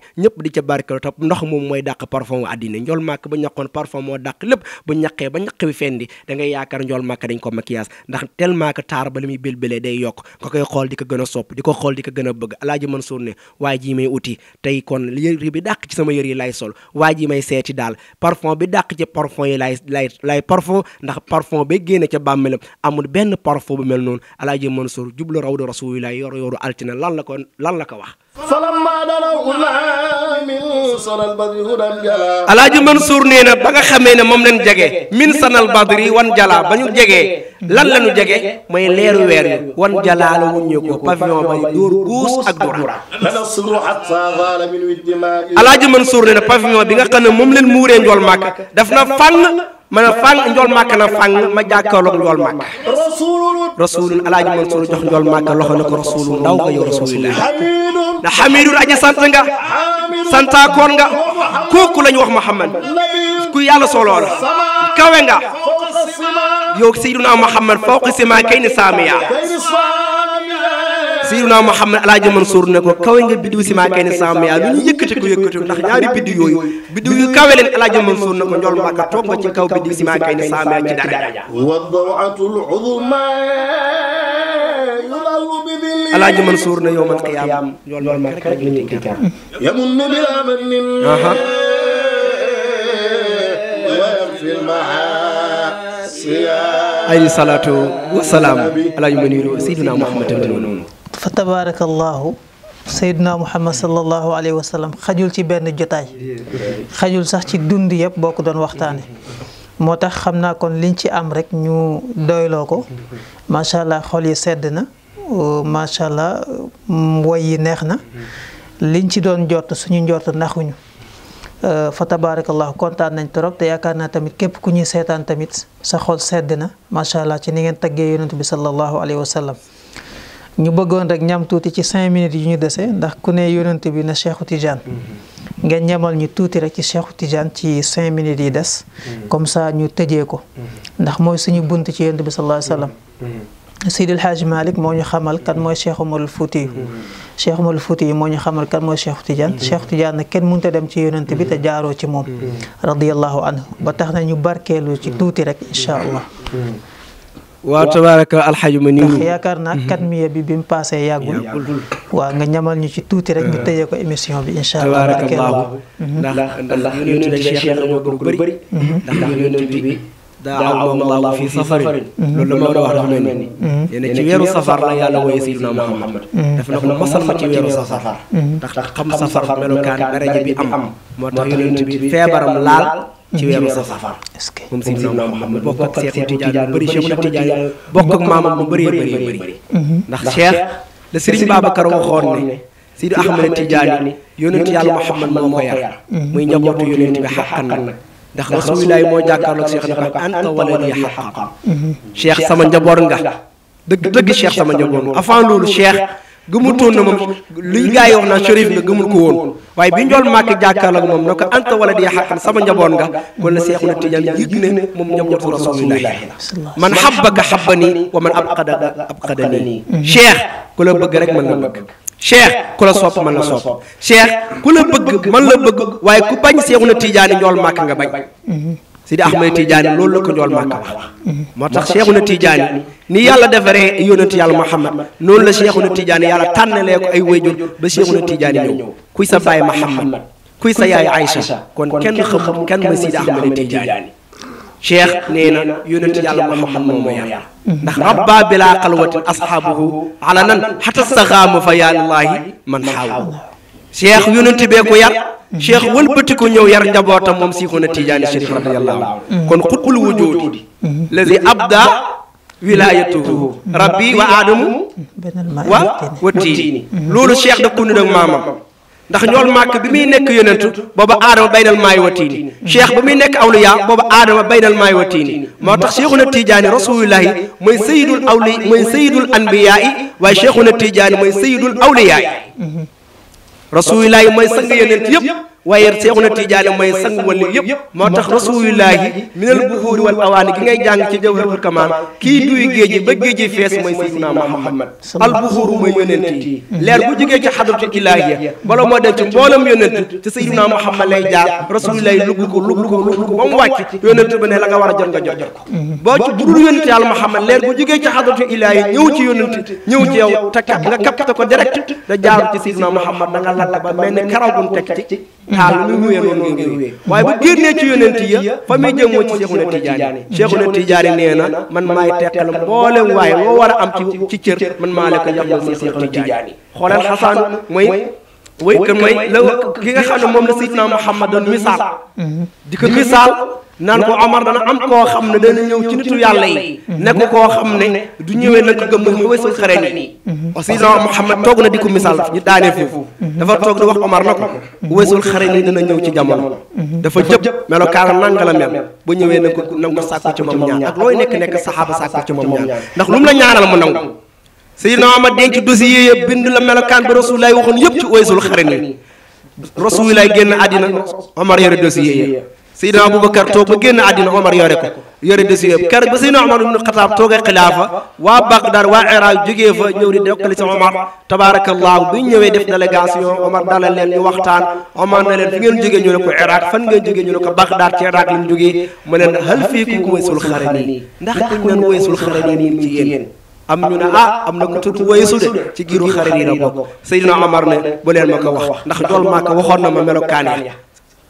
dàq parfum wu àddina njool màkk ba ñaqoon parfum moo dàq lépp bu ñaqee ba fendi da ngay yaakaar njool màkk dañ ko maquillage ndax tellement que taar ba li muy bélbélee day yokk nga koy kool di ko gën sop sopp di ko xool di ko gën a bëgg alaaji Mansour ne waaye ji may uti tey kon bi dàq ci sama yër yi lay sol waaye ji may seeti daal parfum bi dàq ci parfum yi lay lay lay parfum ndax parfum ba génne ca bàmmelam amul benn parfum bu mel noonu alaaji Mansour jublu raw de rasulillah yor yoru altina lan la ko lan la ko wax falamma dalaw ulaa min sanal badri hudan nee na ba nga xamee ne moom lañ jege min sanal badri wan jala ba ñu jegee lan la ñu jege mooy leeru weer yi wan jala la wuññee ko pavillon bay dóor guus ak dura alaaji Mansour nee na pavillon bi nga xam ne moom leen muuree njool màkk daf na fànn mën a njool màkk na fàng ma jàkkaarloog njool màkk rasulun alaaji Mansuur jox njool màkk loxo ne ko rasulu ndaw nga yow rasulillah ndax xamidun sant nga santaakoon nga kooku la wax Muhammad ku yàlla soloo kawe nga yow sayyiduna Muhammad fawqi simaa kayni saamiya Seydina Muhammad Alaaji Mansuur ne ko kawe nga biddiw si maa kenn saa mais lu ñu yëkkati ko yëkkati ndax ñaari biddiw yooyu biddiw yu kawe leen Alaaji Mansuur ne ko njol Mbàkke nga ci biddiw si maa kenn saa mais ci yow man xiyaam njol Mbàkke rek la ñuy gàttal ay salaatu wa salaam fa tabaarakallaahu sayyiduna muhammad sallallahu alayhi wa sallam xajul ci benn jotaay xajul sax ci dund yëpp boo ko doon waxtaane moo tax xam naa kon liñ ci am rek ñu doyloo ko macha allah xol yi sedd na macha allah woy yi neex na liñ ci doon njort suñu njort naxuñu fa tabaarakallah kontaan nañ torop te yaakaar naa tamit képp ku ñuy seetaan tamit sa xol sedd na macha ci ni ngeen taggee yonent bi sallallahu alayhi wa sallam ñu bëggoon rek ñam tuuti ci cinq minutes yu ñu desee ndax ku ne yonent bi na Cheikhu Tidiane mhm. ngeen ñamal ñu tuuti rek ci Cheikhu Tidiane ci cinq minutes yi des mhm. comme ça ñu tëjee ko mhm. ndax mooy suñu bunt ci yonent bi sallallahu alayhi wasallam Seydil Hadj Malick moo ñu xamal kat mooy Cheikh Omarul Fouti yu Cheikh Fouti yi moo ñu xamal kan mooy Cheikh Tidiane Cheikh Tidiane kenn mënut dem ci yonent bi te jaaroo ci moom radiyallahu anhu ba tax na ñu barkeelu ci tuuti rek incha allah waaw tabaaraka alxaju ma nii yaakaar kat mhm. bi bim passé iya, yagul wa nga ñamal ñu ci touti rek ñu tëjee ko émission bi insha allah mhm. ndax ndax ñu ñu cheikh mhm. ndax bi allah fi wax ni ci weeru safar la sayyidina muhammad ko mosal ci safar ndax xam safar bi am bi laal ci weeru safar moom Seydina Muhammad bokk ak Seexu Tijaan bëri Seexu na Tijaan bokk ak maamam bu bëree bëri bëri ndax Cheikh la Serigne Babacar waxoon ne Seydi Ahmad Tijaani yonent yàlla Muhammad moo ko yar muy njabootu yonent bi xaqan nag ndax rasulilaay moo jàkkaarloog Cheikh dafa anta wala lii xaqan Cheikh sama njaboot nga dëgg dëgg Cheikh sama njaboot avant loolu Cheikh gëmutoon na moom luy gaa yi wax naan shérif nga gëmul ko woon waaye bi njool màkki jàkkaarloo ak moom na ko anta wala di xaqan sama njaboot nga kon la seexu na tijaan yëg ne moom njabootu rasulillahi man xabbaka xabbani wa man abqadaka abqadani hmm. hmm. cheikh ku la bëgg rek man la bëgg cheikh ku la sopp man la sopp cheikh ku la bëgg man la bëgg waaye ku bañ seexu na tijaani njool màkk nga bañ hmm. سيدي احمد تيجان لول لا كنجول ماكا واخ موتاخ شيخو تيجان ني يالا ديفري يونت يالا محمد نول لا شيخو ن تيجان يالا تانلي اي ويجور با شيخو تيجان نيو كوي سا باي محمد كوي سا ياي عائشه كون كين خم كان ما سيدي احمد تيجان شيخ نينا يونت يالا محمد مو يالا نخ ربا بلا قلوه اصحابه علنا حتى السغام فيا الله من حاول شيخ yonent bee يار شيخ cheikh wëlbati نيو يار نجابوتا موم moom نتيجان tijaani رضي الله كون قتل وجود الذي ابدا ولايته ربي وادم wa aadamu wa wa tiini loolu cheikh ndax ñol mak bi mi nek yonentu bobu adama baynal may watini cheikh ba mi nek awliya bobu adama baynal may watini motax cheikhuna tidiane rasulullah moy sayyidul awli moy sayyidul anbiya wa cheikhuna tidiane moy sayyidul awliya rasulilaay mooy sang yeneen yépp waaye Seexuna Tijaani mooy sang wali yëpp moo tax rasuulullaahi ki ngay jàng ci jawharul kamaan kii duy géej gi ba géej gi fees mooy sayyiduna Muhammad al ko lugg ko lugg ko ba mu wàcc yónent ba ne la nga war a jot nga jot ko mhm. boo ci bu ñëw ci yónent ñëw nga capté ko direct da jaaru ci sayyiduna Muhammad da nga lakk ba mel ni karaw gun teg taal lu mu wéy noonu ngay wéy waaye bu génnee ci yonent ya fa muy jëm moo ci Cheikhuna Tidiane Cheikhuna Tidiane nee na man maay teqal mboolem waaye loo war a am ci ci cër man maa la ko yàqal si Cheikhuna Tidiane xoolal xasaan mooy way kan mooy la ki nga xam ne moom la Seydina Muhammad doon misaal di ko misaal naan ko Omar dana am koo xam ne dana ñëw ci nitu yàlla yi. nekk koo xam ne du ñëwee na ko gëm ba nga weesu xare nii. ko misaal ñu daanee foofu. dafa toog di wax na ko. weesul xare nii dana ñëw ci jamono. dafa jëpp melokaan nanga la mel. ba ñëwee na ko na ko sàkku ci moom ñaan ak looy nekk nekk saxaaba sàkku ci moom ñaan ndax lu mu la ñaanal mu nangu. Seydina Muhammad denc dossier yëpp bind la melokaan ba Rasulullah waxoon yëpp ci weesul xare nii. Rasulullah génn àddina Omar yore dossier yi Seydina Aboubacar toog ba génn àddina Omar yore ko yore desi yëpp keroog ba Seydina Omar ibnu Xataab def délégation Omar dalal leen ñu na leen fi ngeen jógee ñu ne ko Iraq fan ngeen jógee ñu ne ko Bagdad ci Iraq ndax kuñ naan waysul xarani nii ci yéen am ah, na ko tudd waysu de ci giiru xarani la bokk Seydina Omar ne bu wax ndax jool maa waxoon na ma melokaan ya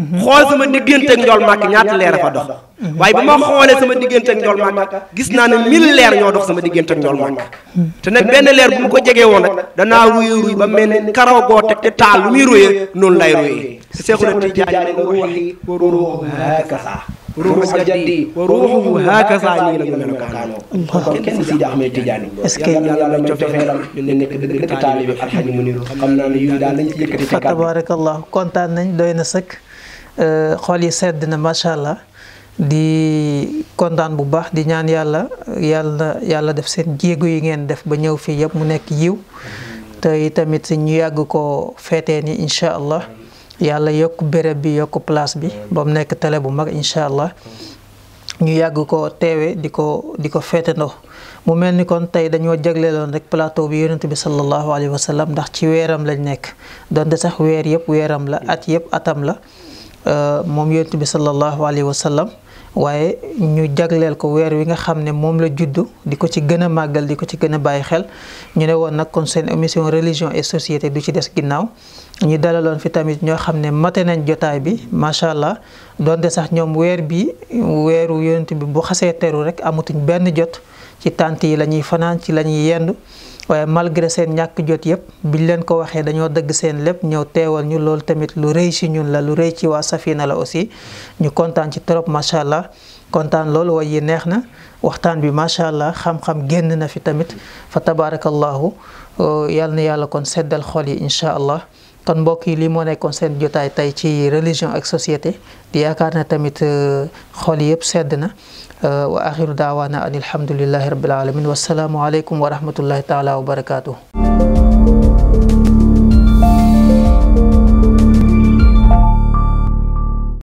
Mhm. xool sama diggante ak njool màkk ñaata leer a fa dox waaye ba ma xoolee sama diggante ak njool màkk gis naa ne mille leer ñoo dox sama diggante ak njool màkk te nag benn leer bu mu ko jegee woon nag danaa ruye ruy ba mel ne karaw goo teg te taal lu muy royee noonu la ñu melokaanoo kenn si daa xamee tijaan yi yàlla yàlla may cofeelam ñu ne nekk dëgg taalibe alxaji mu niru xam naa ne yooyu daal lañ ci yëkkati ci kàddu tabarakallah kontaan nañ doy na sëkk Euh, xol yi sedd na macha allah di kontaan bu baax di ñaan yàlla yàlla yàlla def seen jéego yi ngeen def ba ñëw fii yëpp mu nekk yiw te tamit ñu yàgg ko feetee ni incha allah yàlla yokk béréb bi yokk place bi ba mu nekk télé bu mag incha allah ñu yàgg ko teewe di ko di ko feetandoo mu mel ni kon tey dañoo jagleeloon rek plateau bi yonent bi sallallahu alayhi wa sallam ndax ci weeram lañ nekk donte sax weer yëpp weeram la at yëpp atam la Euh, moom yonent bi sallallahu alayhi wa sallam waaye ñu jagleel ko weer wi nga xam ne moom la juddu di ko ci gën a màggal di ko ci gën a bàyyi xel ñu ne woon nag kon seen émission religion et société du ci des ginnaaw ñu dalaloon fi tamit ñoo xam ne mate nañ jotaay bi macha allah doonte sax ñoom weer bi weeru yonent bi bu xasee teru rek amatuñ benn jot ci tànt yi la ñuy fanaan ci la ñuy yendu waaye malgré seen ñàkk jot yëpp biñ leen ko waxee dañoo dëgg seen lépp ñëw teewal ñu loolu tamit lu rëy si ñun la lu rëy ci waa Safina la aussi ñu kontaan ci trop macha allah kontaan loolu way yi neex na waxtaan bi macha allah xam-xam génn na fi tamit fa tabaarakallahu yàlla na yàlla kon seddal xol yi incha allah. kon mbokk yi lii moo nekkoon seen jotaay tey ci religion ak société di yaakaar na tamit e, xol yëpp sedd na آه، واخر دعوانا ان الحمد لله رب العالمين والسلام عليكم ورحمه الله تعالى وبركاته